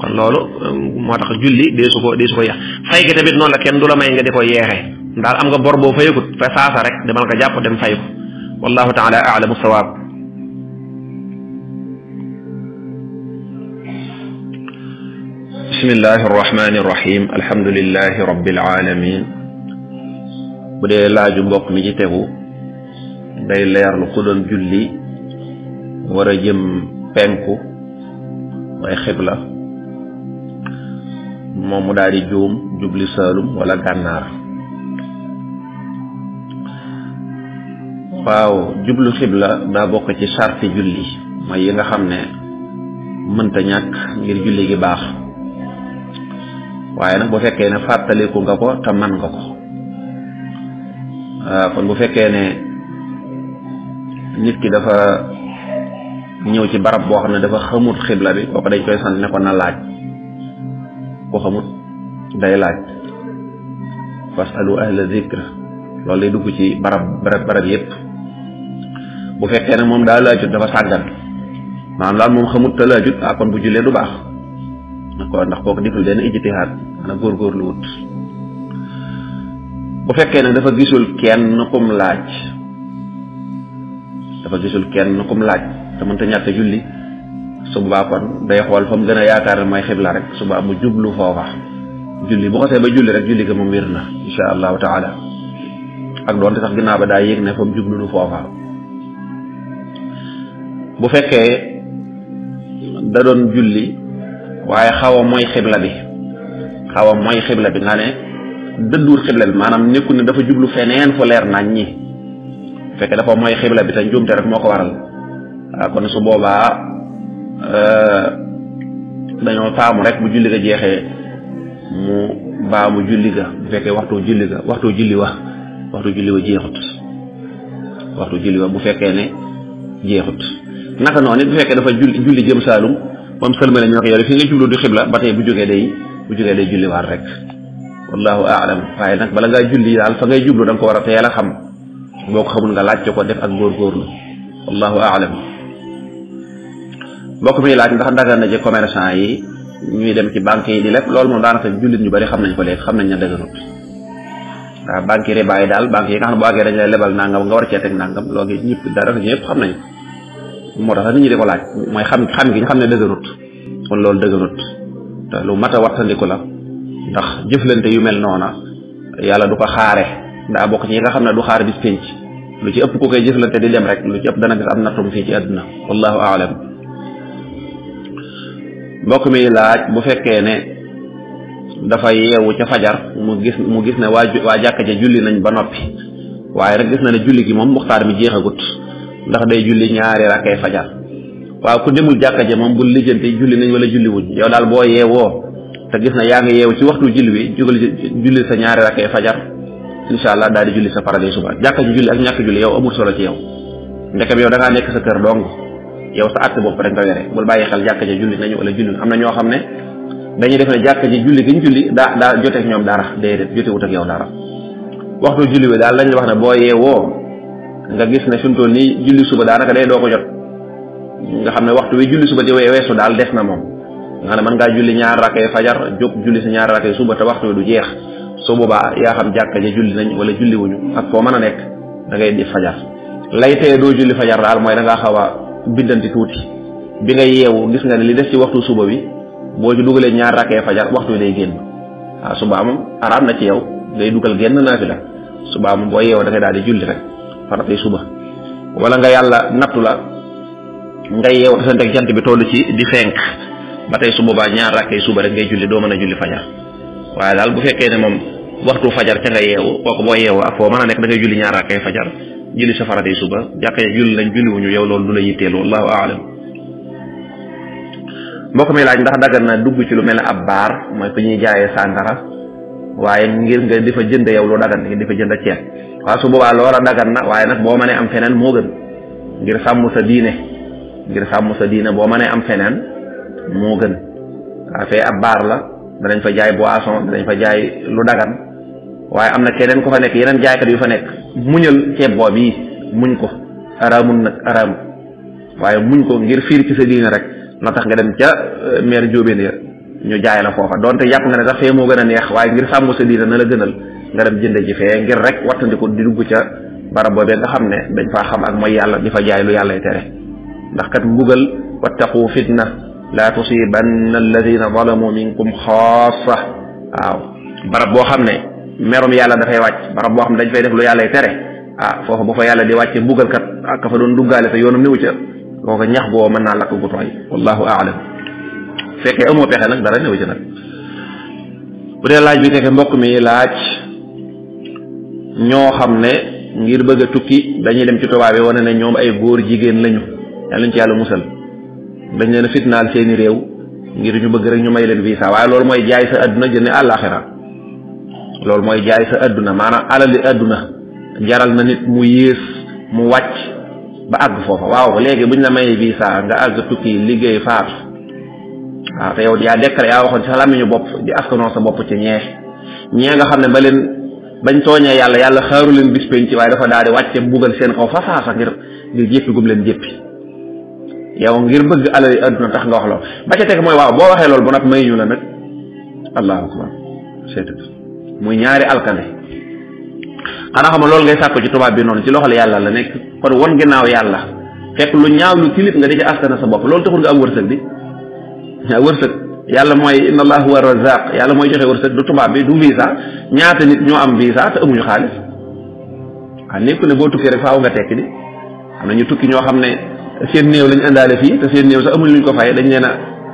kon loolu euh, moo tax julli dee su ko dee su ko yàq fay gi tamit noonu la kenn du la may nga di ko yeexee daal am nga bor boo fayakut fa saasa rek demal nga jàpp dem fay ko والله تعالى أعلم الصواب بسم الله الرحمن الرحيم الحمد لله رب العالمين بدي الله جمبوك مي جي تيغو داي ليرلو ورجم بانكو ورا جيم بنكو جوم جبلي سالم ولا غنار waaw jublu xibla daa bokk ci sarti julli mooy yi nga xam ne mënta ñàkk ngir julli gi baax waaye nag bu fekkee ne fàttaliku nga ko te man nga ko kon bu fekkee ne nit ki dafa ñëw ci barab boo xam ne dafa xamut xibla bi kooku dañ koy sant ne ko na laaj ku xamut day laaj fasalu ahla zikr loolu lay dugg ci barab barab barab yépp bu fekkee ne moom daa laajut dafa sàggan maanaam daal moom xamut te laajut ah kon bu jullee du baax d'accord ndax kooku deful benn ijtihaad maanaam lu wut bu fekkee nag dafa gisul kenn kum laaj dafa gisul kenn kum laaj te mënta ñàkk julli su boobaa kon day xool fa mu gën a yaakaar mooy xibla rek su boobaa mu jublu foofa julli bu xasee ba julli rek julli ga moom wér na insha allahu taala ak doonte sax ginnaaw ba daa yëg ne fa mu jublu du foofa bu fekkee da doon julli waaye xaw a mooy xibla bi xaw a mooy xibla bi nga ne dëdduur xibla bi maanaam nekku ne dafa jublu feneen fu leer nañ ñi bu fekkee dafa mooy xibla bi te njuumte rek moo ko waral waaw ah, kon su boobaa euh, dañoo taamu rek bu julli ga jeexee mu baa mu julli ga bu fekkee waxtu julli ga waxtu julli wa waxtu julli wa jeexut waxtu julli wa bu fekkee ne jeexut naka noonu it bu fekkee dafa julli julli jëm saalum moom sëlmale ñu wax yow fi nga jublu du xibla ba tey bu jógee day bu jógee day julli waar rek wallahu aalam waaye nag bala ngaa julli daal fa ngay jublu da nga ko war a teel a xam boo ko nga laaj ko def ak góorgóorlu wallahu aalam mbokk mi laaj ndax dagan na ci commerçant yi ñuy dem ci banque yi di leb loolu moom daanaka jullit ñu bari xam nañ ko xam nañ ne daganut waaw banque riba yi daal banque yi nga xam ne boo àggee dañ lay lebal nangam nga war cee teg nangam loolu ñëpp dara yëpp xam nañ moo tax nit ñi di ko laaj mooy xam xam xam ne dëgërut kon loolu dëgërut lu mat a wattandiku la ndax jëflante yu mel noona yàlla du ko xaare daa bokk yi nga xam ne du xaar bis pénc lu ci ëpp ku koy jëflante di dem rek lu dana gis am nattum fii ci àdduna wallahu aalam mbokk mi laaj bu fekkee ne dafa yeewu ca fajar mu gis mu gis ne waa waa jàkka ja julli nañ ba noppi waaye rek gis na ne julli gi moom muxtaar mi jeexagut ndax day julli ñaari rakkay fajar waaw ku demul jàkka ja moom bu lijjanti julli nañ wala julli wuñ yow daal boo yeewoo te gis na yaa ngi yeewu ci waxtu julli wi jugal julli sa ñaari rakkay fajar insha allah daal di julli sa paradis suba jàkka ji julli ak ñàkk julli yow amul solo ci yow ndekam yow da ngaa nekk sa kër dong yow sa àtt bopp rek nga yore bul bàyyi xel jàkka ji julli nañu wala julli am na ñoo xam ne dañuy def ne jàkka ji julli giñ julli daa daa joteek ñoom dara déedéet jotewut ak yow dara waxtu julli daal la wax ne boo yeewoo nga gis ne suñu tool nii julli suba daanaka day doo ko jot nga xam ne waxtu wi julli suba di weesu daal des na moom nga ne mën ngaa julli ñaar rakkee fajar jóg julli si ñaar rakkee suba te waxtu wi du jeex su boobaa yaa xam jàkka ja julli nañ wala julli wuñu ak foo mën a nekk da ngay di fajar lay doo julli fajar daal mooy da ngaa xaw a biddanti tuuti bi nga yeewu gis nga ne li des ci waxtu suba bi boo ci dugalee ñaar rakkee fajar waxtu wi day génn waaw subaa moom araam na ci yow ngay dugal genn naa fi la subaa moom boo yeewoo da daal di julli rek faratay suba wala nga yalla nattu la ngay yow sa teg jant bi toll ci di fenk batay suba ba ñaar rakay suba rek ngay julli do meuna julli fajar waye dal bu fekke ne mom waxtu fajar ca nga yew kooku bo yew ak fo meuna nek da ngay julli ñaar rakay fajar julli sa faratay suba jakkay julli lañ julli wuñu yow lolou du la yitteel wallahu a'lam mbokk mi laaj ndax dagal na dugg ci lu mel abbar moy ko ñuy jaayee waaye ngir nga di fa jënd yow lu dagan nga di fa jënd ceeb waa su boobaa loola dagan na waaye nag boo mënee am feneen moo gën ngir sàmm sa diine ngir sàmm sa diine boo mënee am feneen moo gën waaw fee ab baar la danañ fa jaay boisson dañ fa jaay lu dagan waaye am na keneen ku fa nekk yeneen jaaykat yu fa nekk muñal ceeb boobu yi muñ ko araamun nag araamu waaye muñ ko ngir fiir ci sa diine rek na tax nga dem ca euh, meer jóobeen ya ñu jaay la foofa donte yàpp nga ne sax fee moo gën a neex waaye ngir sàmm sa diina na la gënal nga dem jënd ji fee ngir rek wattandiku di dugg ca barab boobee nga xam ne dañ faa xam ak mooy yàlla di fa jaay lu yàllay tere ndax kat mbugal wattaqu fitna la tusibanna alladina zalamu minkum xaasa waaw barab boo xam ne merum yàlla dafay wàcc barab boo xam ne dañ def lu yàllay tere ah foofu bu fa yàlla di wàcce mbugal kat ak ka fa doon duggaale te yoonam niwu ca kooka ñax goo mën naa lakk gu tooy wallahu aalam fekkee amoo pexe nag dara ñëw ci nag bu dee laaj bi fekkee mbokk mi laaj ñoo xam ne ngir bëgg a tukki dañuy dem ci tubaab yi wane ne ñoom ay góor jigéen lañu yàlla ñu ci yàlla musal dañ leen fitnaal seeni réew ngir ñu bëgg rek ñu may leen visa waaye loolu mooy jaay sa àdduna jënd àllaaxira loolu mooy jaay sa àdduna maanaam alali àdduna jaral na nit mu yées mu wàcc ba àgg foofa waaw léegi buñ la may visa nga àgg tukki liggéey faatu waaw ah, te yow yaa dekkale yaa waxoon sa ñu bopp di askanoo sa bopp ci ñee ñee nga xam ne ba leen bañ tooñee yàlla yàlla xaaru leen bis penc waaye dafa daal di wàcce buggal seen kaw fa saasa ngir ngir jéppi gum leen jéppi yow ngir bëgg alal yi àdduna tax nga wax loolu ba ca teg mooy waaw boo waxee loolu ba nag mayuñu la nag allahu akbar seetu muy ñaari alkande xanaa xam loolu ngay sàkku ci tubaab bi noonu ci loxol yàlla la nekk kon won ginnaaw yàlla fekk lu ñaaw lu tilit nga di sa bopp loolu taxul nga am bi wërsëg yàlla mooy inna allah huwa razaq yàlla mooy joxe wërsëg du tubaab bi du visa ñaata nit ñoo am visa te amuñu xaalis ah nekku ne boo tukki rek faaw nga tekki di am na ñu tukki ñoo xam ne seen néew lañ àndaale fii te seen néew sax amuñ luñ ko fay dañ leen a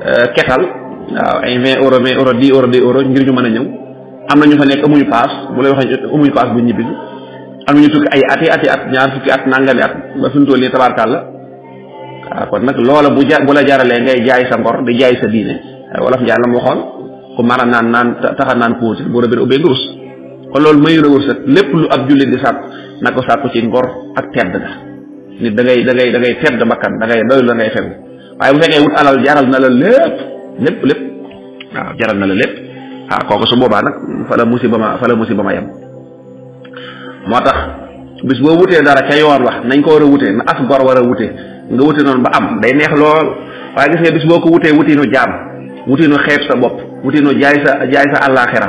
euh, ketal waaw ay vingt euro vingt euro di euro dix euro ngir ñu mën a ñëw am na ñu fa nekk amuñu paas bu lay waxee amuñu paas bu ñibbi am na ñu tukki ay at yi at yi at ñaar fukki at nangami at ba fi mu toll nii tabaarkàlla waa ah, kon nag loola bu ja bu la jaralee ngay jaay sa ngor di jaay sa diine eh, wolof njaay la mu waxoon ku mën a naan naan taxa naan póosi bu rabir ubbee ngurus kon loolu mayu la wërsëg lépp lu ab jullit di sàkk na ko sàkku ngor ak tedd ga nit da ngay da ngay da ngay tedd bakkan da ngay doylu la ngay fegu waaye bu fekkee wut alal jaral na la lépp lépp waaw ah, jaral na la lépp ah kooku su boobaa nag fa la musiba ma fa la ma yem moo tax bis boo wutee dara ca yoon wax nañ ko war a wutee na as gor war a wutee nga wute noonu ba am day neex lool waaye gis nga bis boo ko wutee wutiinu jaam wutiinu xeeb sa bopp wutiinu jaay sa jaay sa àllaaxira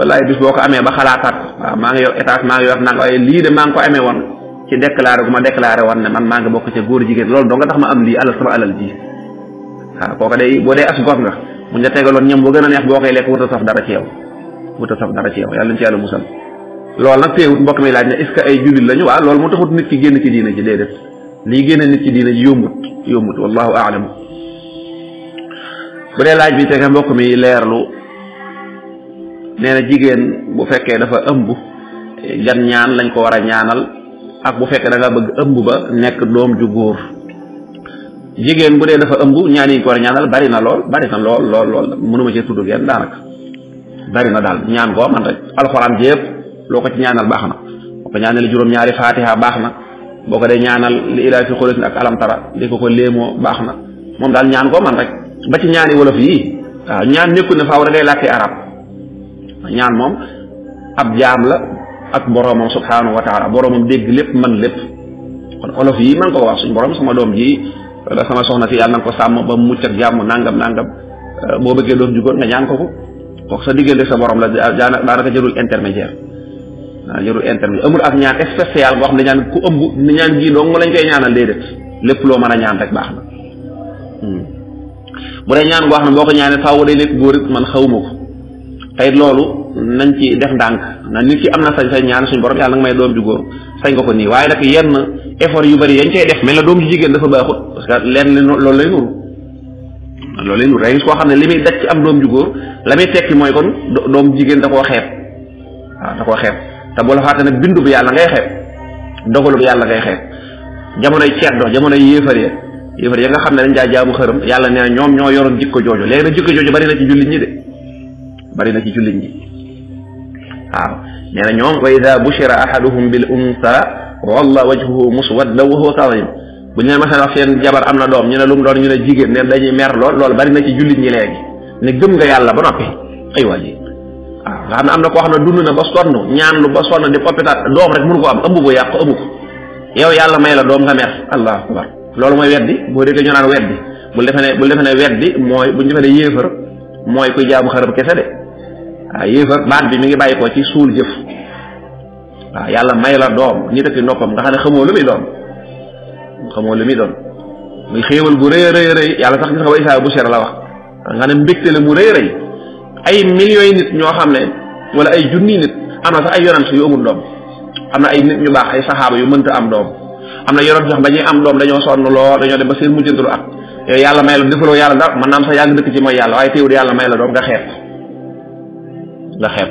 wallaay bis boo ko amee ba xalaataat ko maa ngi yor étage maa ngi yor nanga waaye lii ko amee woon ci déclaré gu ma déclaré woon ne man maa ngi bokk ca góor jigéen loolu doo nga tax ma am lii alal sama alal ji waaw kooku day boo dee as gor nga buñ la tegaloon ñam boo gën a neex boo koy lekk wut saf dara ci yow wut a saf dara ci yow yàlla nañ ci yàlla musal loolu nag teewut mbokk mi laaj ne est-ce ay jullit lañu waaw li génne nit ci dina yomut yomut wallahu a'lam. bu dee laaj bi tege mbokk mi leerlu neena jigen bu fekke dafa ëmb gan ñaan lañ ko wara ñaanal ak bu fekke da nga bëgg ëmb ba nek doom ju goor jigen bu dee dafa ëmb ñaan yi ko wara ñaanal bari na lool bari na lool lool lool mënuma ci tuddu genn daanaka bari na dal ñaan go man rek alcorane jëf loko ci ñaanal baxna ko ñaanal juroom ñaari fatiha baxna boko day ñaanal li ila fi khulus ak alam tara di ko ko lemo baxna mom dal ñaan ko man rek ba ci ñaani wolof yi ñaan nekkul na faaw da ngay làkkee arab ñaan mom ab jaam la ak boromam subhanahu wa taala boromam deg lepp man lepp kon olof yi man ko wax suñu borom sama dom ji wala sama soxna fi yalla nang ko sam ba mucc ak jaam nangam nangam bo beugé doom jugoon nga ñaan ko ko sa diggante sa borom la naka jëlul intermédiaire yoru nah, internet amul ak ñaan spécial bo xamne ñaan ku ëmb ne ñaan gi do nga lañ koy ñaanal dedet lepp lo mëna ñaan rek baxna na hmm. bu dee ñaan go xamne boko ñaané ko ñaanee faaw day nekk góor man xawuma tay lolu nañ ci def dank na nit ki amna sañ sañ ñaan suñu borom yalla nga may doom ju goor sañ nga ko ni waye nak yenn effort yu bari yañ cey def mel na doom ju jigen dafa baaxut parce que lenn lolu lay nuru lolu lay nuru day ko xamne limi dacc am doom ju goor lamay tekki moy kon doom jigen da ko xeeb da ko xeeb te bu la fàtte nag bu yàlla ngay xeeb dogalu bu yàlla ngay xeeb jamonoy ceddo jamonoy yéefar ya yéefar ya nga xam ne dañ caa jaamu xërëm yàlla nee na ñoom ñoo yoroon jikko jooju léegi nag jikko jooju bari na ci bari na ci jullit ñi na ñoom wa ida bushira ahaduhum bil unsa walla wajhuhu muswaddan wa huwa kadhim bu ñu ne ma wax seen jabar am na doom ñu ne lu mu doon ñu ne jigéen neen dañuy mer lool lool bari na ci jullit ñi léegi ne gëm nga yàlla ba noppi ay nga xam ne am na koo xam ne dund na ba sonn ñaan lu ba sonn di hôpital doom rek mënu ko am ëmb bu yàq ëmb ko yow yàlla may la doom nga mer allahu akbar loolu mooy weddi boo de ñoo naan weddi bul defe ne bul defe ne weddi mooy buñu defe ne yéefar mooy kuy jaamu xarab kese de waaw yéefar baat bi mi ngi bàyyi ko ci suul jëf waaw yàlla may la doom ñu dëkk noppam nga xam ne xamoo lu muy doon xamoo lu muy doon mu xéewal bu rëy rëy yàlla sax gis nga ba bu seer la wax nga ne mbégte la mu rëy rëy ay millions yi nit ñoo xam ne wala ay junni nit am na sax ay yonent yu amul doom am na ay nit ñu baax ay saxaaba yu mënta am doom am na yonent yoo xam dañuy am dañoo sonn lool dañoo dem ba seen mujjantalu at yooyu yàlla may la defaloo yàlla dara mën naa am sax yàgg dëkk ci mooy yàlla waaye teewul yàlla may la doom nga xeeb nga xeeb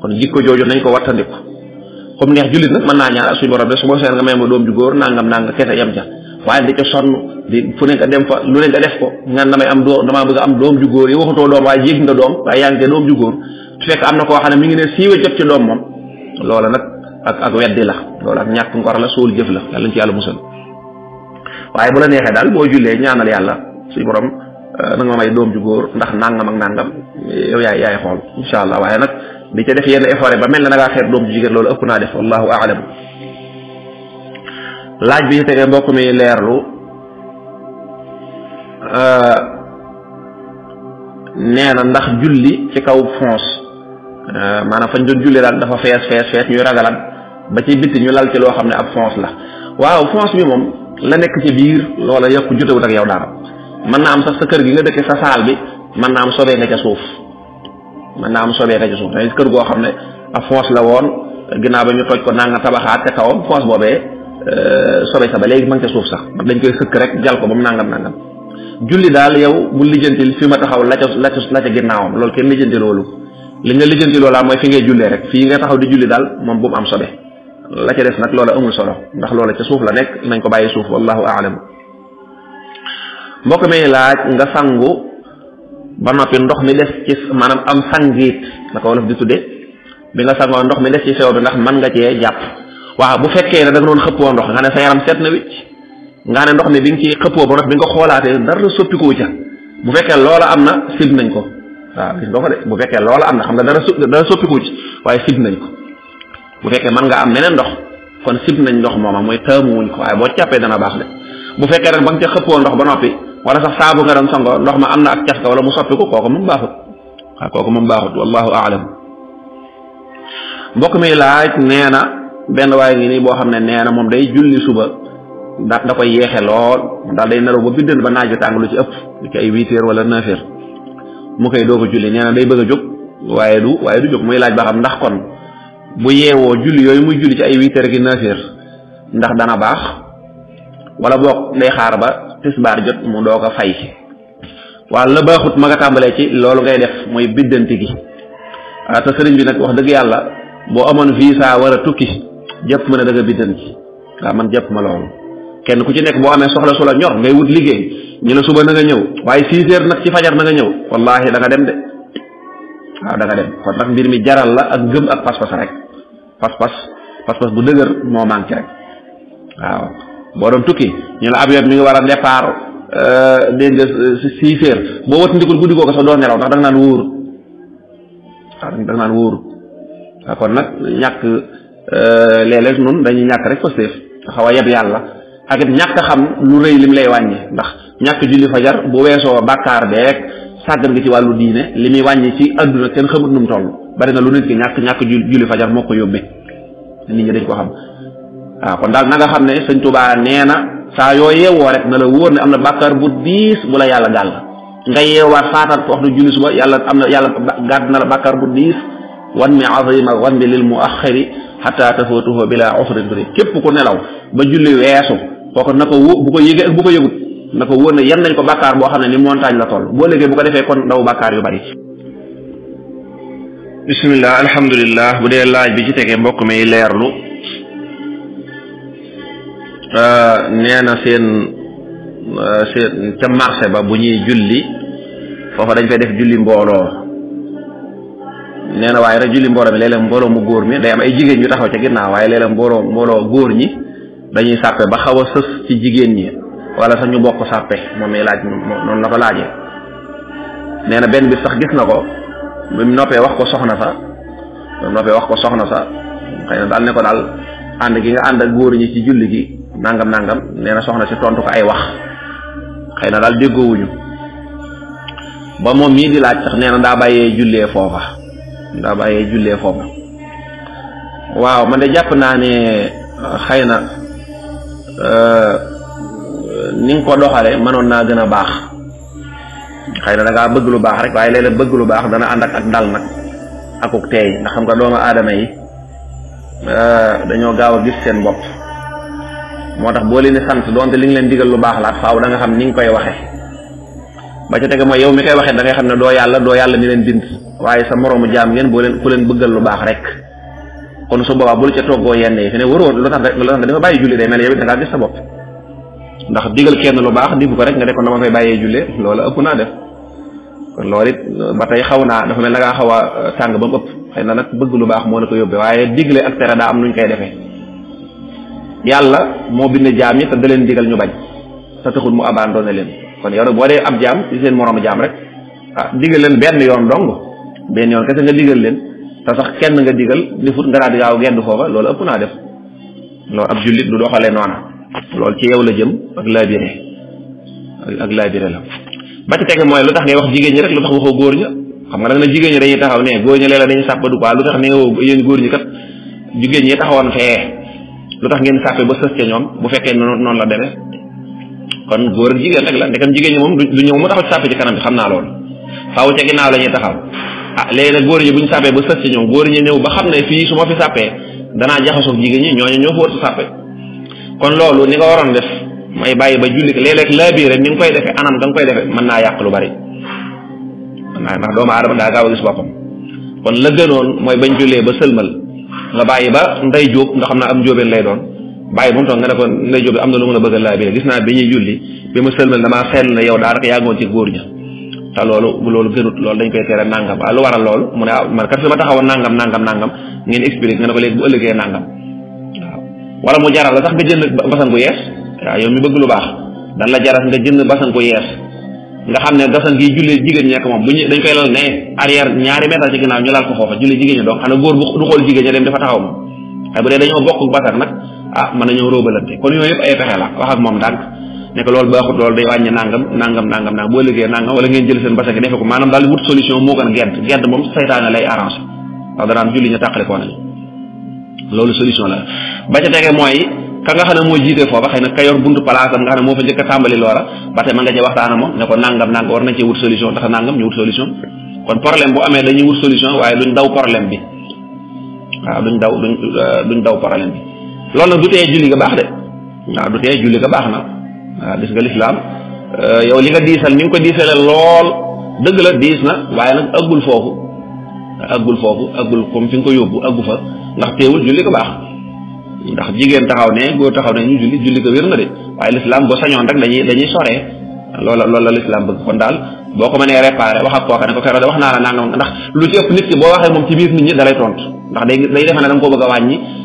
kon ko jooju nañ ko wattandiku comme neex jullit nag man naa ñaan ak suñu borom su ma seen nga may ma doom ju góor nangam nangam kese yem ca waaye da ca sonn di fu ne dem fa lu ne def ko ngan damay am doom damaa bëgg am doom ju góor yi waxutoo doom waaye yéeg nga doom waaye yaa ngi doom ju fekk am na koo xam ne mi ngi ne siiwa jot ci doom moom loola nag ak ak weddi la loola ak ñàkk ngor la sool jëf la yàlla ci yàlla musal waaye bu la neexee daal boo jullee ñaanal yàlla si borom euh, na nga may doom ju góor ndax nangam ak nangam yow yaay yaay xool incha allah waaye nag di ca def yenn effort ba mel na da ngaa xeeb doom jigéen loolu ëpp naa def wallahu aalam laaj bi tegee mbokk mi leerlu euh, nee na ndax julli ci kaw fons euh, maanaam fañ doon julli daal dafa fees fees fees ñuy ragalan ba ci bitti ñu lal ci loo xam ne ab fons la waaw fons bi moom la nekk ci biir loola yëpp jutewut ak yow daal mën naa am sax sa kër gi nga dëkke sa saal bi mën naa am sobee nga ca suuf mën naa am sobee nga ca suuf dangay kër goo xam ne ab fons la woon ginnaaw ba ñu toj ko nanga tabaxaat ca kawam fons boobee Euh, sobe sa ba léegi mën ca suuf sax dañ koy sëkk rek jal ko ba mu nangam nangam julli daal yow bu lijjantil fi ma taxaw la ca la ca la ginnaawam loolu kenn lijjanti loolu li nga lijjanti loolaa mooy fi ngay jullee rek fii nga taxaw di julli daal moom bu am sobe la ca des nag amul solo ndax loola ca suuf la nekk nañ ko bàyyi suuf wallahu aalam mbokk mi laaj nga sangu ba noppi ndox mi des ci maanaam am sangiit la ko wolof di tudde bi nga sangoo ndox mi des ci sew ndax man nga cee jàpp waaw bu fekkee ne da nga doon xëppoo ndox nga ne sa yaram set na wicc nga ne ndox ne bi nga ci xëppoo ba ndox bi nga xoolaatee dara soppikoo ca bu fekkee loola am na sib nañ ko waaw gis nga ko de bu fekkee loola am na xam nga dara dara soppikoo ci waaye sib nañ ko bu fekkee man nga am meneen ndox kon sib nañ ndox mooma mooy taamu wuñ ko waaye boo càppee dana baax de bu fekkee rek ba nga ca xëppoo ndox ba noppi wala sax saabu nga doon songo ndox ma am na ak cafka wala mu soppiku kooku moom baaxut waaw kooku moom baaxut wallahu aalam mbokk mi laaj nee na benn waay ngi ni boo xam ne nee na moom day julli suba da da koy yeexe lool daal day naru ba biddën ba naaj tàng lu ci ëpp di ci ay huit heures wala neuf heures mu koy doog a julli nee na day bëgg a jóg waaye du waaye du jóg muy laaj ba xam ndax kon bu yeewoo julli yooyu muy julli ci ay huit heures gi neuf heures ndax dana baax wala boog day xaar ba tisbaar jot mu doog ko fay waa la baaxut ma nga tàmbalee ci loolu ngay def mooy biddanti gi ah, te sëriñ bi nag wax dëgg yàlla boo amoon visa war a tukki jàpp ma ne da nga biddan man jàpp ma lol kenn ku ci nek bo amé soxla su ñor ngay wut liggéey ñu la suba na nga ñew waye 6 heures nak ci fajar na nga ñew wallahi da nga dem de wa da nga dem ko tax mbir mi jaral la ak gëm ak pass pass rek pass pass pass pass bu dëgër moo manqué rek waaw bo doon tukki ñu la abiyat mi ngi wara départ euh de nga 6 heures bo wat ndikul guddigo ko sa do nelaw ndax da nga nan wuur da nga nan wuur kon nak ñak Euh, léeg-léeg moom dañuy ñàkk rek pasteef xaw a yeb yàlla ak it ñàkk xam lu rëy lim lay wàññi ndax ñàkk julli fajar bu weesoo bàkkaar beeg sàggan nga ci wàllu diine li muy wàññi ci àdduna kenn xamut nu mu toll bari na lu nit ki ñàkk ñàkk julli fajar moo ko yóbbee nit ñi dañ ko xam waaw kon daal na nga xam ne sëñ Tuubaa nee na saa yoo yeewoo rek na la wóor ne am na bàkkaar bu diis bu la yàlla gàll nga yeewaat faataat waxtu julli suba yàlla am na yàlla gàdd na la bàkkaar wanmi azima zanbi lil muaxiri xataa tafootuhu bila usrin turi képp ku nelaw ba julli weesu kooku na ko wó bu ko yëgee bu ko yëgut na ko wóor ne yan nañ ko bàkkaar boo xam ne ni montagne la toll boo léegi bu ko defee kon ndaw bàkkaar yu bari bismillah alhamdulillah bu dee laaj bi ci tegee mbokk mi leerlu euh, nee na seen euh, seen ca marché ba bu ñuy julli foofa dañ fay def julli mbooloo nee way ra julli mbooloo mi lele léeg mu góor mi day am ay jigen ñu taxaw ci ginaaw way lele léeg mbooloo mbooloo ñi dañuy sappé ba xawa seuf ci jigen ñi wala sax ñu bokk sappé moom mi laaj non la ko laajee nee na benn bis sax gis nako bu noppé wax ko soxna sa bu noppé wax ko soxna sa xeyna dal ne ko dal and gi nga and ak góor ñi ci julli gi nangam nangam nee soxna ci tontu ko ay wax xeyna dal daal ba mom mi di laaj sax nee da daa bàyyee fofa daa bàyyee jullee foofu waaw man de jàpp naa ne euh, xëy na euh, ni nga ko doxale mënoon naa gën a baax xëy na da ngaa bëgg lu baax rek waaye léeg-léeg bëgg lu baax dana ànd ak ak dal nag akuk teey ndax xam nga doomu aadama yi euh, dañoo gaaw a gis seen bopp moo tax boo leen di sant donte li nga leen digal lu baax laat faaw da nga xam ni nga koy waxe ba ca tege mooy yow mi koy waxee da xam ne doo yàlla doo yàlla mi leen bind waaye sa moroomu jaam ngeen boo leen leen bëggal lu baax rek kon su boobaa bul ca toggoo yenn yi fi ne waroo lu tax lu tax nga dafa bàyyi julli day mel yow it ndax digal kenn lu baax diggu ko rek nga ne kon koy bàyyee jullee loola ëpp naa def kon loolu it ba tey xaw naa dafa mel na ngaa xaw a euh, tàng ba mu ëpp xëy na nag bëgg lu baax moo la ko yóbbee waaye digle ak tere daa am nuñ koy defee yàlla moo bind jaam yi te da leen digal ñu bañ te taxul mu abandonné leen kon yow nag boo dee ab jaam ci seen moroomu jaam rek ah digal leen benn yoon dong benn yoon kese nga digal leen te sax kenn nga digal di fut nga daal di gaaw gedd foofa loolu naa def loolu ab jullit du doxalee noona loolu ci yow la jëm ak laabire ak laabire la ba ci teg mooy lu tax ngay wax jigéen ñi rek lu tax waxoo góor xam nga da jigéen ñi dañuy taxaw ne góor ñi léeg-léeg dañuy sàppadu quoi lu tax ne nga yéen góor ñi kat jigéen ñi taxawoon fee lu tax ngeen sàppe ba sës ca ñoom bu fekkee noonu la demee kon góor ak jigéen rek la ndekam jigéen ñi moom du ñëw mu taxaw ci sàppe ci kanam bi xam naa loolu faaw ca ginnaaw la ñuy taxaw a ah, léegi nag góor ñi bu ñu sàppee ba sës ci ñoom góor ñi new ba xam ne fii su ma fi sàppee danaa jaxasoog jigéen ñi ñooñu ñoo fa war a sàppe kon loolu ni nga waroon def may bàyyi ba julli léeg-léeg laa biire ni nga koy defee anam da nga koy defee mën naa yàq lu bari mën naa ndax doomu aadama daa gaaw a gis boppam kon la gënoon mooy bañ jullee ba sëlmal nga bàyyi ba nday jóob ndax xam naa am njóobeen lay doon bàyyi bu mu toog nga ne ko lay jóg am na lu mën a bëgg a laa bi gis naa bi ñuy julli bi ma sëlmal damaa seetlu ne yow daanaka yaa ngoon ci góor ña te loolu loolu gënut loolu dañ koy tere nangam waaw lu waral loolu mu ne ah man kat su ma taxawoon nangam nangam nangam ngeen expliqué nga ne ko léegi bu ëllëgee nangam waaw wala mu jaral la sax nga jënd basan gu yees waaw yow mi bëgg lu baax dan la jaral nga jënd basan gu yees nga xam ne basan gi jullee jigéen ñekk moom bu ñu dañ koy lal ne arrière ñaari mètre ci ginnaaw ñu laal ko foofa jullee jigéen ñi donc xanaa góor bu du xool jigéen ñi dem dafa taxaw moom waaye bu dee dañoo bokk basan nag ah mën nañoo róobalante kon yooyu yëpp ay pexe la wax ak moom ndànk ne loolu baaxut loolu day wàññi nangam nangam nangam nangam boo liggéey nangam wala ngeen jël seen basang defe ko maanaam daal wut solution loolu solution la ba ca tege mooy ka nga ne moo jiite foofa xëy na ka yor buntu place am nga xam a tàmbali loola ba tey mën nga cee ne ko nangam nangam war nañ cee wut solution ndax nangam ñu wut solution kon problème bu amee dañuy wut solution waaye duñ daw problème bi waaw duñ daw duñ euh, duñ daw bi loolu nag du tee julli ga baax de waaw du tee julli ga baax na waaw gis nga lislaam euh, yow li nga diisal ni nga ko diisale lool dëgg la diis na waaye nag aggul foofu aggul foofu aggul comme fi nga ko yóbbu aggu fa ndax teewul julli ga baax ndax jigéen taxaw ne góor taxaw ne ñu julli julli ga wér na de waaye lislaam boo sañoon rek dañuy dañuy soree loola loola lislaam bëgg kon daal boo ko mënee réparé wax ak kooka ne ko keroog de wax naa la nangam ndax lu ci ëpp nit ki boo waxee moom ci biir nit ñi dalay tontu ndax day day defe ne da nga koo bëgg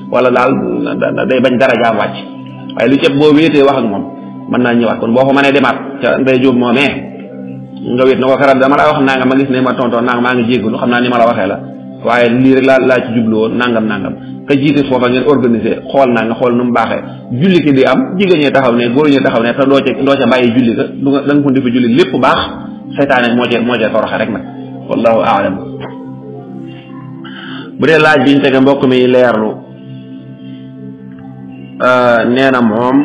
wala daal day bañ darajaam wàcc waaye lu ci boo wéetee wax moom mën naa ñëwaat kon boo ko mënee demaat ca ndey jóob moomee nga wéet na ko karat dama laa wax nangam ma gis ne ma tontoon nangam maa ngi jéggalu xam naa ni ma la waxee la waaye lii rek laa laa ci jublu nangam nangam te jiite foofa ngeen organisé xool naa nga xool nu mu baaxee julli ki di am jigéen ñee taxaw ne góor ñee taxaw ne te doo ca doo ca bàyyi julli ka du nga da nga ko defe julli lépp baax seytaane moo moo cee toroxe rek nag wallahu aalam bu dee laaj biñ tege mbokk mi leerlu Euh, nee na moom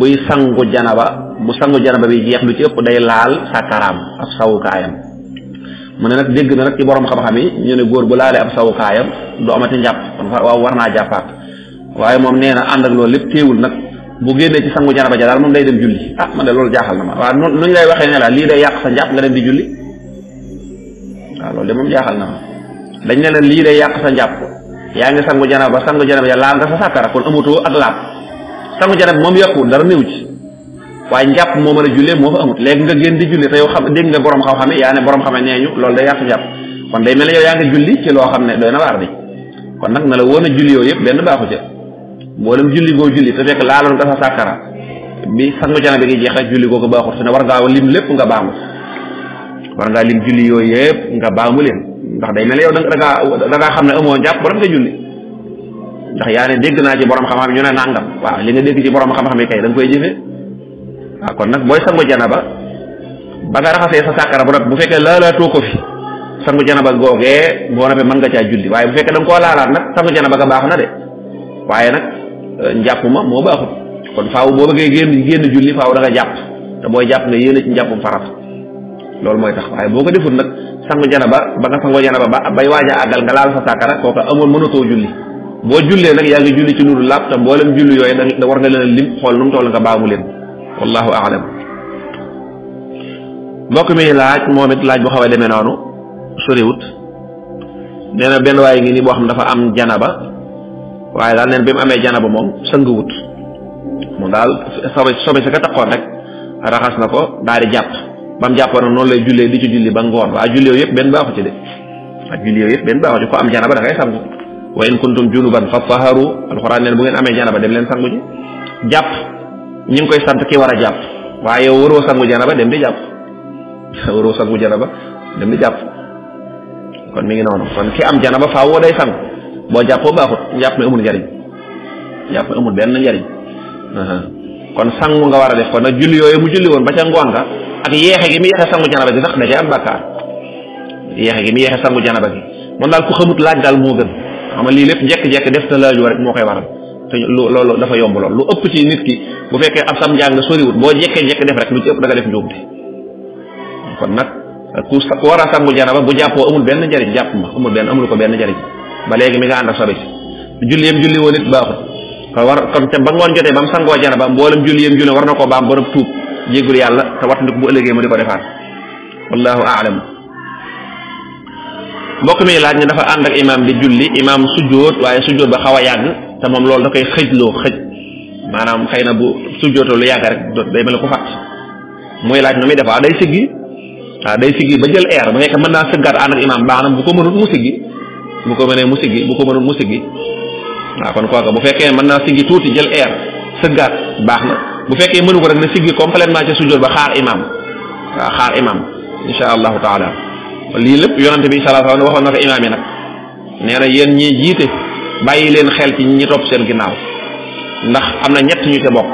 buy sangu janaba bu sangu janaba bi jeex lu ci ëpp day laal sakaraam ab sawukaayam mu ne nag dégg na nag ci borom xam-xam yi ñu ne góor bu laalee ab sawukaayam du amati njàpp waaw war naa jàppaat waaye moom nee na ànd ak loolu lépp téewul nag bu génnee ci sangu janaba ja daal moom day dem julli ah man de loolu jaaxal na ma waaw nu ñu waxee ne la lii day yàq sa njàpp nga dem di julli waaw loolu de moom jaaxal na ma dañ ne la lii day yàq sa yaa ngi sangu janaba sangu janaba ya laal nga sa sàkkara kon amutoo ak laab sangu janaba moom yokkuwul dara néew ci waaye njàpp moo mën a jullee moo fa amut léegi nga génn di julli te yow xam dégg nga borom xam-xam yaa ne borom xame nee loolu day yàq jàpp kon day mel ne yow yaa nga julli ci loo xam ne doy na waar di kon nag na la woon a julli yëpp benn baaxu ca mboolem julli goo julli te fekk laaloon nga sa sàkkara bi sangu janaba gi jeexee julli goo ko baaxut su ne war ngaa lim lépp nga baamu war ngaa lim julli yooyu yëpp nga baamu leen ndax day mel yow da ngaa da ngaa xam ne amoo njàpp borom nga julli ndax yaa ne dégg naa ci borom xam-xam ñu ne nangam waaw li nga dégg ci borom xam-xam yi kay da koy jëfee waaw kon nag booy sangu janaba ba nga raxasee sa sàkkara bu nag bu fekkee laalaatoo ko fi sangu janaba googee boo noppee mën nga caa julli waaye bu fekkee da nga koo laalaat nag sangu janaba ga baax na de waaye nag euh, njàpp ma moo baaxut kon faaw boo bëggee génn génn julli faaw da nga jàpp te booy jàpp nga yéene ci njàppum farat loolu mooy tax waaye boo ko defut nag sangu janaba ba ba nga sangoo jana ba bay waaja àggal nga laal sa sàkkara kooka amoon mënatoo julli boo jullee nag yaa ngi julli ci loolu laab te mboolem julli yooyu da war nga leen lim xool nu mu tollu nga baamu leen wallahu aalam mbokk mi laaj moom it laaj bu xaw a demee noonu soriwut nee na benn waaye ngi nii boo xam dafa am jana janaba waaye daal neen bi mu amee ba moom sënguwut moom daal sobe sobe si ka taxoon rek raxas na ko daal di jàpp ba mu jàppoon noonu lay jullee di ci julli ba ngoon waa julli yooyu yëpp benn baaxu ci de a julli yëpp benn baaxu ci ko am janaba da ngay sangu wa in kuntum junuban fa taharu alxuraan neen bu ngeen amee janaba dem leen sangu ji jàpp ñu ngi koy sant ki war a jàpp waaye waroo sangu janaba dem di jàpp (laughs) waroo sangu janaba dem di jàpp kon mi ngi noonu kon ki am janaba faa woo day sangu boo jàppoo baaxut jàpp mi amul njariñ jàpp mi amul benn njariñ (laughs) kon sangu nga war a def kon nag julli yooyu mu julli woon ba ca ngoon nga ak yeexe gi mi yeexe sangu janaba gi sax da ci am bakkar yeexe gi mi yeexe sangu janaba gi moom dal ku xamut laaj dal mo gën xam li lepp jek jek def te laaju rek mo koy waral te lolo dafa yomb lool lu upp ci nit ki bu fekke ab sam njàng wut bo jekke jekk def rek lu ci upp da nga def njuumte kon nak ku ku ko wara sangu janaba bu jappo amul ben njariñ japp ma amul ben amul ko ben njariñ ba legi mi nga and ak sobe julli yam julli wonit it ko war kon te ba ngon jote bam sangoo janaba julli yam julli war na ko baam borom jéggul yàlla te wattandiku bu ëllëgee mu di ko defaat wallahu alam mbokk mi laaj ne dafa ànd ak imaam di julli imaam sujjóot waaye sujjóot ba xaw a yàgg te moom loolu da koy loo xëj maanaam xëy na bu sujjóotoo lu yàgg rek day mel ko fàtt muy laaj nu muy def waaw day siggi waaw day siggi ba jël air ba fekk mën naa sëggaat ànd ak imaam baax na bu ko mënut mu siggi bu ko mënee mu siggi bu ko mënut mu siggi waaw kon ko bu fekkee mën naa siggi tuuti jël air sëggaat bu fekkee mënu ko rek na siggi complètement ca sujjóot ba xaar imaam waaw xaar imaam insha allahu taala lii lépp yonante bi sallallahu alayhi wasallam waxoon na ko imaam yi nag nee na yéen ñi jiite bàyyi leen xel ci ñi topp seen ginnaaw ndax am na ñett ñu ca bokk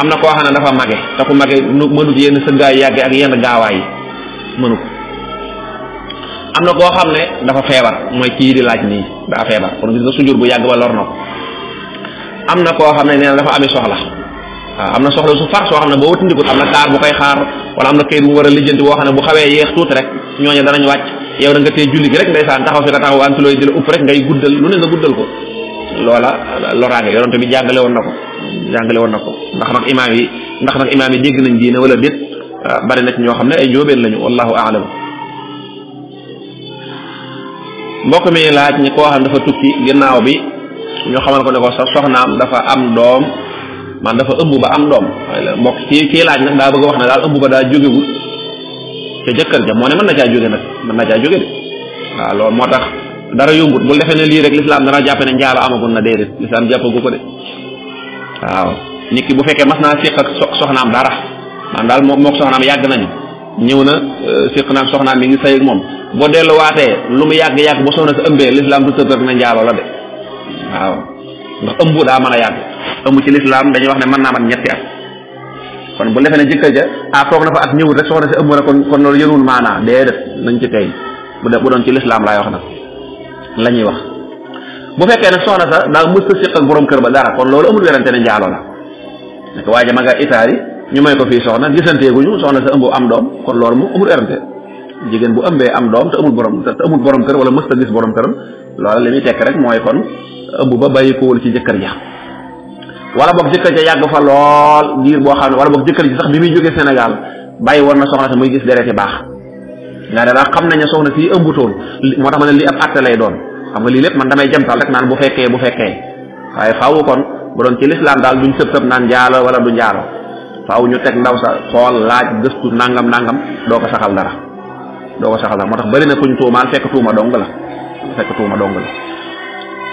am na koo xam ne dafa mage te ku mage mënut yenn sëggaay yàgge ak yenn gaawaay yi mënu ko am na koo xam ne dafa feebar mooy kii di laaj nii daa feebar kon gis nga sujjóot bu yàgg ba lor na ko am na koo xam ne nee na dafa amee soxla waaw ah, am na soxla su far soo xam ne boo wëtandikut am na kaar bu koy xaar wala am na kayit bu mu war a lijjanti boo xam ne bu xawee yéex tuuti rek ñooñu danañ wàcc yow da nga tee julli gi rek ndeysaan taxaw fi nga taxaw am ci looy di la upp rek ngay guddal lu ne nga guddal ko loola loraange yonent bi jàngale woon na ko jàngale woon na ko ndax nag imaam yi ndax nag imaam yi dégg nañ diine wala déet ah, bari na ñoo xam ne ay njóobeen lañu wallahu aalam mbokk mi laaj ñi koo dafa tukki ginnaaw bi ñoo xamal ko ne ko sa soxnaam dafa am doom man dafa ëmb ba am doom mbokk kii kii laaj nag daa bëgg a wax ne daal ëmb ba daa jógewul te jëkkër ja moo ne mën na caa jóge nag mën na caa jóge de waaw loolu moo tax dara yombut bu defee ne lii rek lislaam dana jàppe ne njaalo amagul na déedéet lislaam jàppagu ko de waaw nit ki bu fekkee mas naa séq ak soxnaam dara man daal moom mook soxnaam yàgg nañu ñëw na euh, séq naag soxnaam mi ngi sëy moom boo delluwaatee lu mu yàgg-yàgg ba soxna sa ëmbee lislaam du tëdd rek na njaalo la de waaw ndax ëmb daa mën a yàgg ëmb ci lislaam dañuy wax ne man naa man ñetti at kon bu defee ne jëkkër ja ah toog na fa at ñëwul rek soxna si ëmb na kon kon loolu yënul maanaa déedéet nañ ci tey bu dee bu doon ci lislaam laay wax nag la ñuy wax bu fekkee nag soxna sa daa mës a siq ak borom kër ba dara kon loolu amul werante ne njaaloo la nekk waaye ja ma ñu may ko fii soxna gisanteeguñu soxna sa ëmb am doom kon loolu mu amul jigéen bu ëmbee am doom te amul borom te amul borom kër wala mës a gis borom këram loolu li muy tekk rek mooy kon bu ba wol ci jëkkër ja wala bok jëkkër ja yag fa lol dir bo xam wala bok jëkkër ji sax bi muy joggé Sénégal bàyyi won na soxna muy gis dérété bax nga dara xam nañu soxna fii ëmbutoon moo tax ma li ab atté lay doon xam nga li lepp man damay jëm tal rek naan bu féké bu féké waye faawu kon bu doon ci l'islam dal duñ sepp sepp naan jaalo wala du njaalo faawu ñu tek ndaw sa xol laaj gëstu nangam nangam do ko saxal dara do ko saxal dara motax bari na kuñ tuuma fekk tuuma dong la fekk tuuma dong la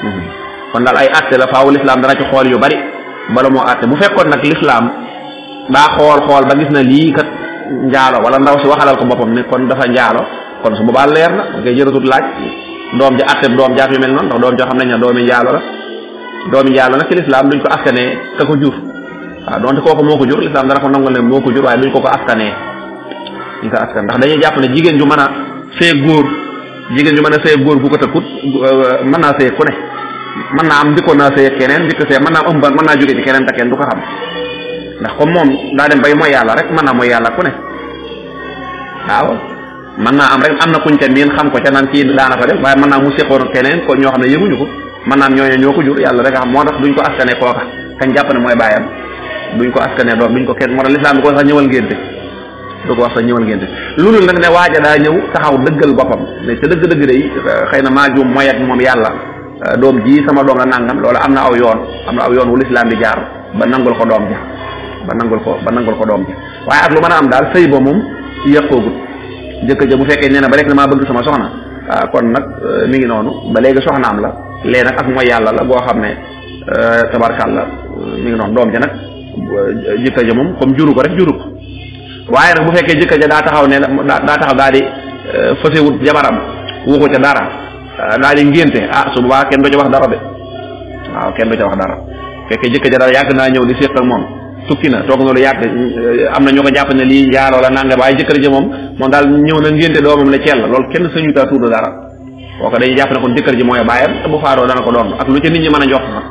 Mhm. kon daal ay atte la faaw lislaam dana ci xool yu bari bala moo atte bu fekkoon nag lislaam daa xool xool ba gis na lii kat njaalo wala ndaw si waxalal ko boppam ne kon dafa njaalo kon su boobaa leer na ngay jëratut laaj doom ja atte doom jaaf yu mel noonu ndax doom joo xam nañ ne doomi njaalo la doomi njaalo nag ci lislaam duñ ko askanee ka ko jur waaw donte kooku moo ko jur lislaam dana ko nangal ne moo ko jur waaye duñ ko ko askanee duñ ko askan ndax dañuy jàpp ne jigéen ju mën a see góor jigéen ju mën a see góor bu ko tëkkut mën naa am njëkkoon naa sëy keneen njëkk see mën naa am ëmban mën naa jóge ci keneen te kenn du ko xam ndax comme moom daa dem bay mooy yàlla rek man naa mooy yàlla ku ne waaw mën naa am rek am na kuñ ca miin xam ko ca naan kii daana ko def waaye mën naa mu seqoon keneen ko ne ko mën ñoo ko jur yàlla rek a moo tax duñ ko askane kooka kañ jàpp ne mooy bàyyam duñ ko askane doom duñ ko kenn moo tax lislaam bi ko sax ñëwal ngénte du ko wax sax ñëwal ngénte loolu nag ne waaja daa ñëw taxaw dëggal boppam ne ca dëgg-dëgg day xëy na maa juum mooy ak moom yàlla Eh, doom ji sama doom a nangam loola am na aw yoon am na aw yoon wu lislaam di jaar ba nangul ko doom ja ba nangul ko ba nangul ko doom ja waaye ak lu mën a am daal sëy ba moom yàqoogut jëkk ja bu fekkee nee na ba rek damaa bëgg sama soxna ah, kon nag eh, mi ngi noonu ba léegi soxnaam la lee nag ak mooy yàlla la goo xam ne eh, tabarkàlla mi ngi noonu doom ja nag jëkk ja moom comme juru ko rek juru ko waaye nag bu fekkee jëkk ja daa taxaw ne daa taxaw daa di fasewut jabaram waxu ca dara Eh, laaji ngénte ah su boobaa kenn du ca wax dara de waaw kenn du ca wax dara fekk jëkk ja daal yàgg naa ñëw di séq ak moom tukki na toog na lu yàgg eh, am na ñoo ko jàpp ne lii njaaloo la nanga waaye jëkkër ja moom moom daal ñëw na ngénte doomam la ceel loolu kenn sañu taa tudd dara kooku dañuy jàpp ne kon jëkkër ji mooy bàyyam te bu faaroo dana ko doon ak lu ca nit ñi mën a jox sax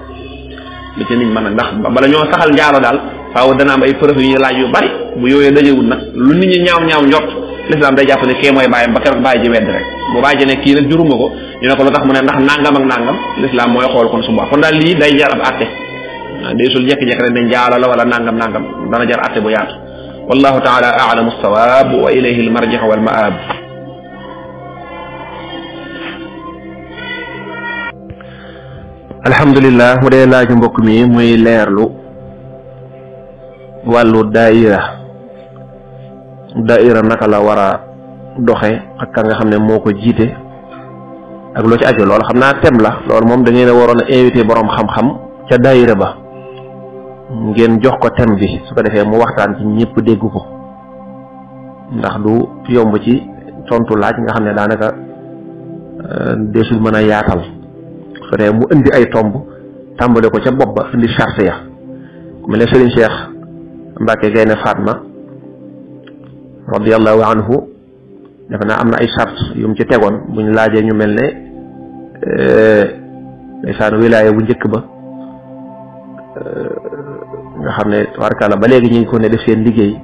lu ca nit ñi mën a ndax bala ñoo saxal njaalo daal faaw dana am ay preuve yu ñu laaj yu bari bu yooyee dajewul na lu nit ñi ñaaw ñaaw njort lislaam day jàpp ne kee mooy bàyyam ba keroog bàyyi ji wedd rek bu bàyyi ji kii nag juru nga ko ñu ne ko lu tax mu ne ndax nangam ak nangam lislaam mooy xool kon su boobaa kon daal lii day jar ab àtte ah, day sul jekk-jekk rek ne njaala la wala nangam nangam dana jar àtte bu yaatu wallahu taala aalamu sawaab wa ilayhi almarjax wal maab alhamdulilah mu dee laaju mbokk mi muy leerlu daaira naka la war a doxe ak ka nga xam ne moo ko jiite ak loo ci ajo loolu xam naa thème la loolu moom da ngeen waroon a invité boroom xam-xam ca daaira ba ngeen jox ko tem bi su ko defee mu waxtaan ci ñëpp dégg ko ndax du yomb ci tontu laaj nga xam ne daanaka euh, deesul mën a yaatal su dee mu indi ay tomb tàmbale ko ca bopp ba indi charte ya ku mel ne Serigne Cheikh Mbacke Gaynde Fatma radiallahu anhu defe naa am na ay sart yum ci tegoon buñ laajee ñu mel ne eh, ndeysaan wilaaya bu njëkk ba eh, nga xam ne tabaarkalla ba léegi ñu ko ne def seen liggéey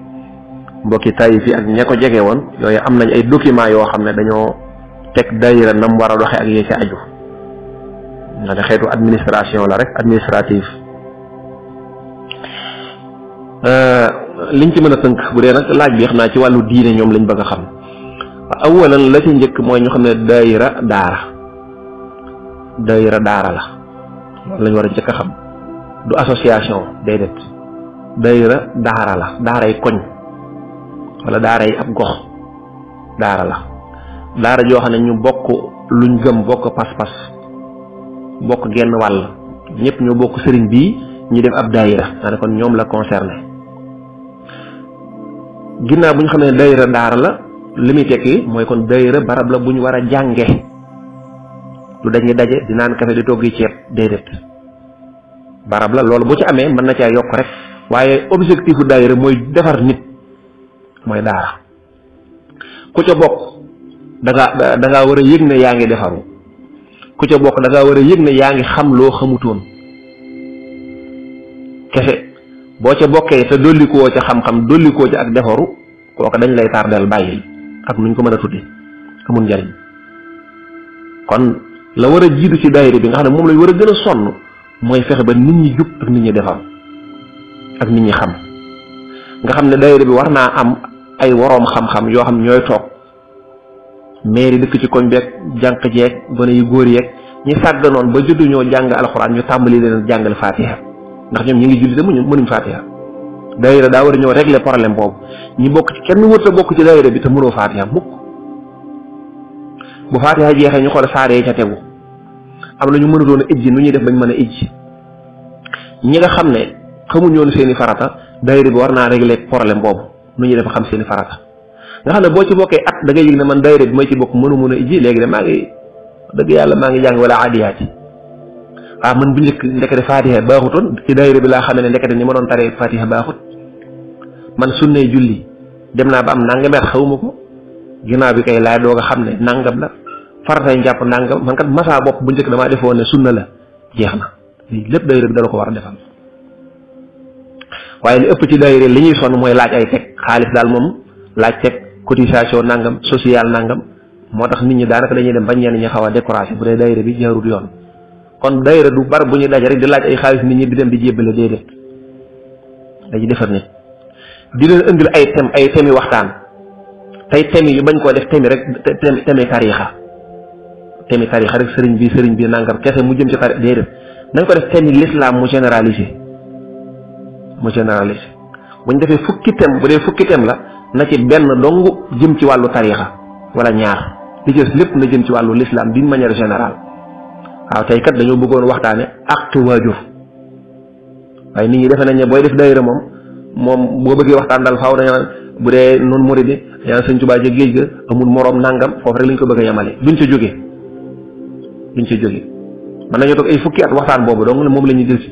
mbokki Taayif yi ak ña ko jege woon yooyu am nañ ay documents yoo xam ne dañoo teg daayira nam war a doxe ak yee ci aju nga ne xeetu administration la rek administrative eh, liñ ci mën a tënk bu dee nag laaj bi xam naa ci wàllu diine ñoom lañ bëgg a xam awalan la ci njëkk mooy ñu xam ne daayira daara daayira daara la loolu lañ war a njëkk du association déedéet daayira daara la daaray koñ wala daaray ab gox daara la daara joo xam ne ñu bokk luñ gëm bokk pas-pas bokk genn wàll ñëpp ñoo bokk sëriñ bi ñu def ab daayira daanaka kon ñoom la concerné ginnaaw bu ñu xam ne daayira daara la li muy tekki mooy kon daayira barab la bu ñu war a jànge lu dañuy daje di naan kafe di toggi ceeb déedéet barab la loolu bu ci amee mën na caa yokk rek waaye objectifu daayira mooy defar nit mooy daara ku ca bokk da nga da war a yëg ne yaa ngi defaru ku ca bokk da ngaa war a yëg ne yaa ngi xam loo xamutoon kese boo ca bokkee sa dollikoo ca xam-xam dollikoo ca ak defaru kooka dañ lay tardel bàyyil ak nuñ ko mën a tudde amul njariñ kon la war a jiitu ci daayira bi nga xam ne moom lañ war a gën a sonn mooy fexe ba nit ñi jub ak nit ñi defar ak nit ñi xam nga xam ne daayira bi war naa am ay woroom xam-xam yoo xam ñooy toog mairie dëkk ci koñ beeg jànq jeeg gone yu góor yeeg ñi sàgganoon ba juddu ñoo jàng alxuraan ñu tàmbali leen jàngal fatiha ndax ñoom ñu ngi julli te mu ñu mënuñ faatiha daayira daa war a ñëw régler problème boobu ñi bokk ci kenn wër ta bokk ci daayira bi te mënoo faatiha mukk bu faatiha jeexee ñu xool saaree ca tegu am na ñu mënutoon a ijji nu ñuy def bañ mën a ijji ñi nga xam ne xamuñoon seeni farata daayira bi war naa régler problème boobu nu ñuy def xam seeni farata nga xam ne boo ci bokkee at da ngay yëg ne man daayira bi may ci bokk mënu mën a ijji léegi de maa ngi dëgg yàlla maa ngi jàng wala aadiyaati ah man bi njëkk ndekete fatiha baaxutoon ci daayira bi laa xamee ne ndekete ni ma doon taree fatiha baaxut man sunnay julli dem naa ba am nangamet xawma ko ginaaw bi kay laa doog a xam ne nangam la farata njàpp nangam man kat masaa bopp bu njëkk dama defoon ne sunna la jeex na lépp daayira bi la ko war a defal waaye li ëpp ci daayira li ñuy sonn mooy laaj ay teg xaalis daal moom laaj teg cotisation nangam social nangam moo tax nit ñi daanaka dañuy dem bañ ñenn ñi xaw a bu dee daayira bi jaarut yoon kon daayira du bar buñu ñu rek di laaj ay xaalis nit ñi di dem di dédé dañ ci defar nit di leen indil ay tém ay temi waxtaan tay temi yu bañ ko def temi rek temi temi tariixa témi tariixa rek sëriñ bi sëriñ bi nangar kessé mu jëm ci tariix dédé nañ ko def temi l'islam mu généraliser mu généraliser buñ defee fukki tém bu dé fukki tém la na ci benn dong jëm ci walu tariixa wala ñaar li jëf lepp na jëm ci walu l'islam d'une manière générale aw tay kat dañu bëggoon waxtaane acte waajur waaye nit ñi defe nañ ne booy def daayira moom moom boo bëggee waxtaan dal faaw dañu bu dee noonu mori bi yaa sëñ tubaa ja géej ga amul morom nangam foofu rek lañ ko bëgg a yemale duñ ca jógee duñ ca jógee mën nañu toog ay fukki at waxtaan boobu donc moom la ñuy jël si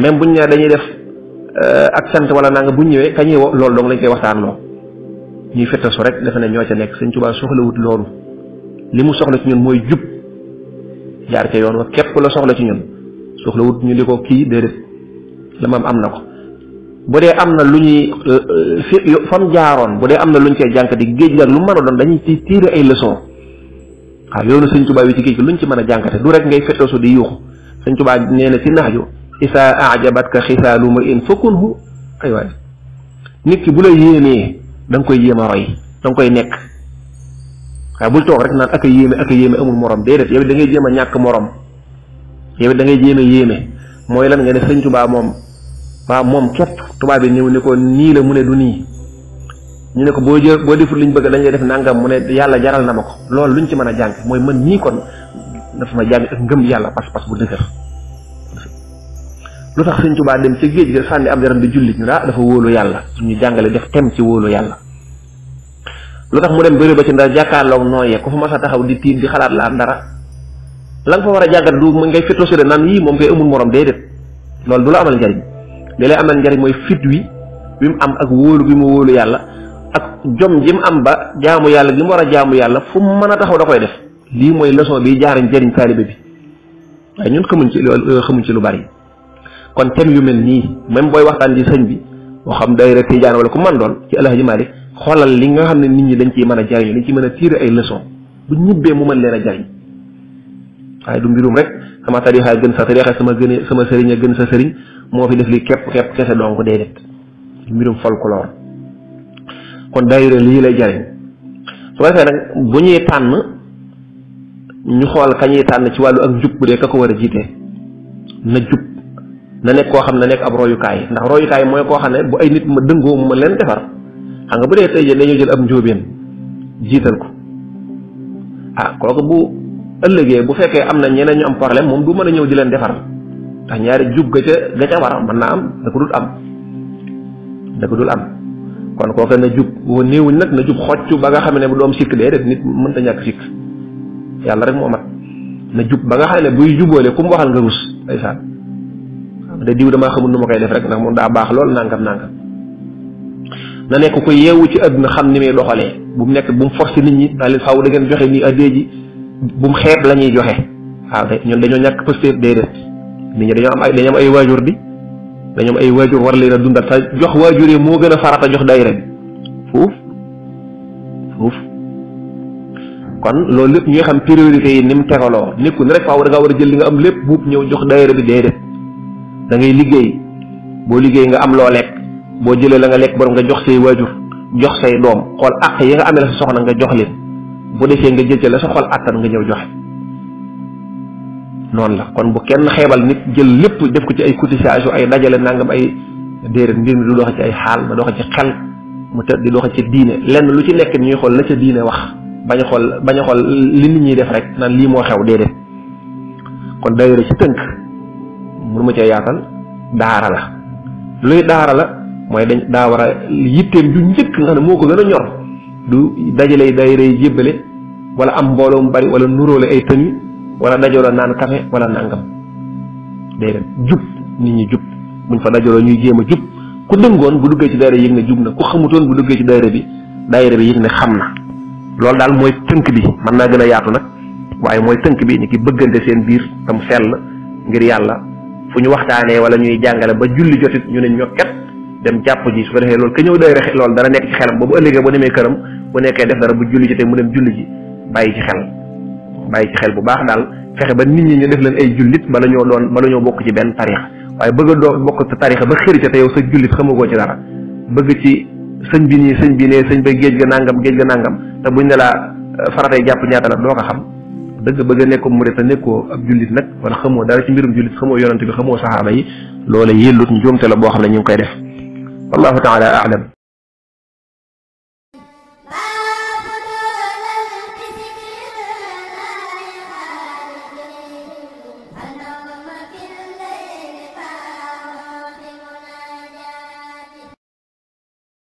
même buñ ne dañuy def euh, ak sant wala nangam buñ ñëwee kañuy wo loolu donc lañ koy waxtaan loo ñuy fettasu rek defe ne ñoo ca nekk sëñ tubaa soxlawut loolu li mu soxla ci ñun mooy jub jaar ca yoon wa képp la soxla ci ñun soxla wut ñu di ko kii déedéet la moom am na ko bu dee am na lu ñuy euh, fi fam jaaroon bu dee am na lu ñu cee jànk géej gi lu mën a doon dañuy ci tiire ay leçon waaw yoonu sëñ Tuubaa wi ci géej gi luñ ci mën a jànkate du rek ngay fetoosu di yuuxu sëñ Tuubaa nee na ci nax ju isaa ajabatka lu ma in fakkunhu ay waay nit ki bu la yéenee da koy yéem a roy da koy nekk waaye bul toog rek naan ak a yéeme ak a yéeme amul morom déedéet yow da ngay jéem a ñàkk morom yow da ngay jéem a yéeme mooy lan nga ne sëñ tubaa moom waaw moom képp tubaa bi ñëw ne ko nii la mu ne du nii ñu ne ko boo jël boo deful liñ bëgg dañ lay def nangam mu ne yàlla jaral na ma ko loolu luñ ci mën a jàng mooy man nii kon dafa ma jàng ak ngëm yàlla pas pas bu dëgër lu tax sëñ tubaa dem ca géej gi sànni ab yaram di jullit ñu daa ah, dafa wóolu yàlla ñu jàngale def tem ci wóolu yàlla lutax mu dem beure ba ci ndar jàkkaarloog noye ya. ko fa sa taxaw di tim di xalat la am dara la nga fa wara a du mu ngay fitlo sudé nan yi mom kay amul morom dedet loolu dula amal njariñ amal njariñ moy fit wi bimu am ak wolu bimu wolu yalla ak jom jim am ba jaamu yalla gi mu war jaamu yalla fu mu mën taxaw da koy def li moy leçon bi jaariñ jëriñ taalibe bi waaye ñun xamuñ ci euh, xamuñ ci lu bari kon tem yu mel ni même boy waxtan di señ bi moo xam dayra wala ku man doon ci alhaji malik xoolal li nga xam ne nit ñi dañ ciy mën a jariñ dañ ciy mën a tirer ay leçons bu ñibbee mu mën leen a jariñ waaye du mbirum rek sama tariixa gën sa tariixa sama gën sama sëriñ gën sa sëriñ moo fi def lii képp képp kese donc déedéet du mbirum folklore kon daayira lii lay jariñ su ko defee nag bu ñuy tànn ñu xool kañuy tànn ci wàllu ak njub bu dee ka ko war a jiite na jub na nekk koo xam ne nekk ab royukaay ndax royukaay mooy koo xam ne bu ay nit ma dëngoo ma leen anga bu dee tey jii dañoo jël am njóobeen jiital ko ah kooku bu ëllëgee bu fekkee ah, am na ñeneen ñu am problème moom du mën a ñëw di leen defar ndax ñaari jub ga ca ga ca war mën naa am da ko dul am da ko dul am kon kooku na jub boo néewuñ nag na jub xoccu ba nga xam ne bu doom sikk déedéet nit mënta ñàkk sikk yàlla rek moo mat na jub ba nga xam ne buy jubóole ku waxal nga rus ndeysaan ah, da diw dama xamul nu ma koy def rek ndax moom daa baax lool nangam nangam na nekk ko yeewu ci àdduna xam ni muy doxalee bu mu nekk bu mu forcé nit ñi daal faaw da ngeen joxe nii addee bu mu xeeb lañuy joxe waaw ñun dañoo ñàkk pëstéef déedéet nit ñi dañoo am ay dañoo am ay waajur bi dañoo am ay waajur war leen a dundal te jox waajur yi moo gën a farata jox daayira bi loolu lépp ñuy xam priorité yi ni mu tegaloo nekkul ne rek faaw da ngaa war a jël li nga am lépp buub ñëw jox daayira bi déedéet da ngay liggéey boo liggéey nga am loo lekk boo jëlee la nga lekk borom nga jox say waajur jox say doom xool àq yi nga amee la sa soxna nga jox leen bu defee nga jël ca la sa xol àttan nga ñëw joxe noonu la kon bu kenn xeebal nit jël lépp def ko ci ay cotisation ay dajale nangam ay déedéet mbir mi du dox ci ay xaal ma dox ci xel mu te di dox ci diine lenn lu ci nekk ñuy xool la ca diine wax bañ a xool bañ a li nit ñuy def rek naan lii moo xew déedéet kon daayira ci tënk mënu ma cee yaatal daara mooy dañ daa war a yitteem ju njëkk nga ne moo ko gën a ñor du dajale dayre yi jébbale wala am mbooloo mu bari wala nuróole ay tën tëni wala dajaloo naan kafe wala nangam day dem jub nit ñi jub buñ fa dajaloo ñuy jéem a jub ku dëngoon bu duggee ci daayira yëg ne jub na ku xamutoon bu duggee ci daayira bi daayira bi yëg ne xam na loolu daal mooy tënk bi mën naa gën a yaatu nag waaye mooy tënk bi ñu ki bëggante seen biir tam sell ngir yàlla fu ñu waxtaanee wala ñuy jàngale ba julli jotit ñu ne ñokk dem jàpp ji su ko defee loolu ka ñëw day rexe loolu dara nekk ci xelam ba bu ëllëgee bu demee këram bu nekkee def dara bu julli ji te mu dem julli ji bàyyi xel bu baax daal fexe ba nit ñi ñu def leen ay jullit bala ñoo doon bala ñoo bokk ci benn tarixa waaye bëgg a doo bokk ci tarixa ba xëri ca te yow sa jullit xamagoo ci dara bëgg ci sëñ bi nii sëñ bi nee sëñ ba géej ga nàngam géej ga nàngam te buñ ne laa euh, faratay jàpp ñaata la doo ko xam dëgg bëgg a nekkoo murit te nekkoo ab jullit nag wala xamoo dara ci mbirum jullit xamoo yonante bi xamoo saxaaba yi loola yëllut njuumte la boo xam ne ñu ngi koy def والله تعالى أعلم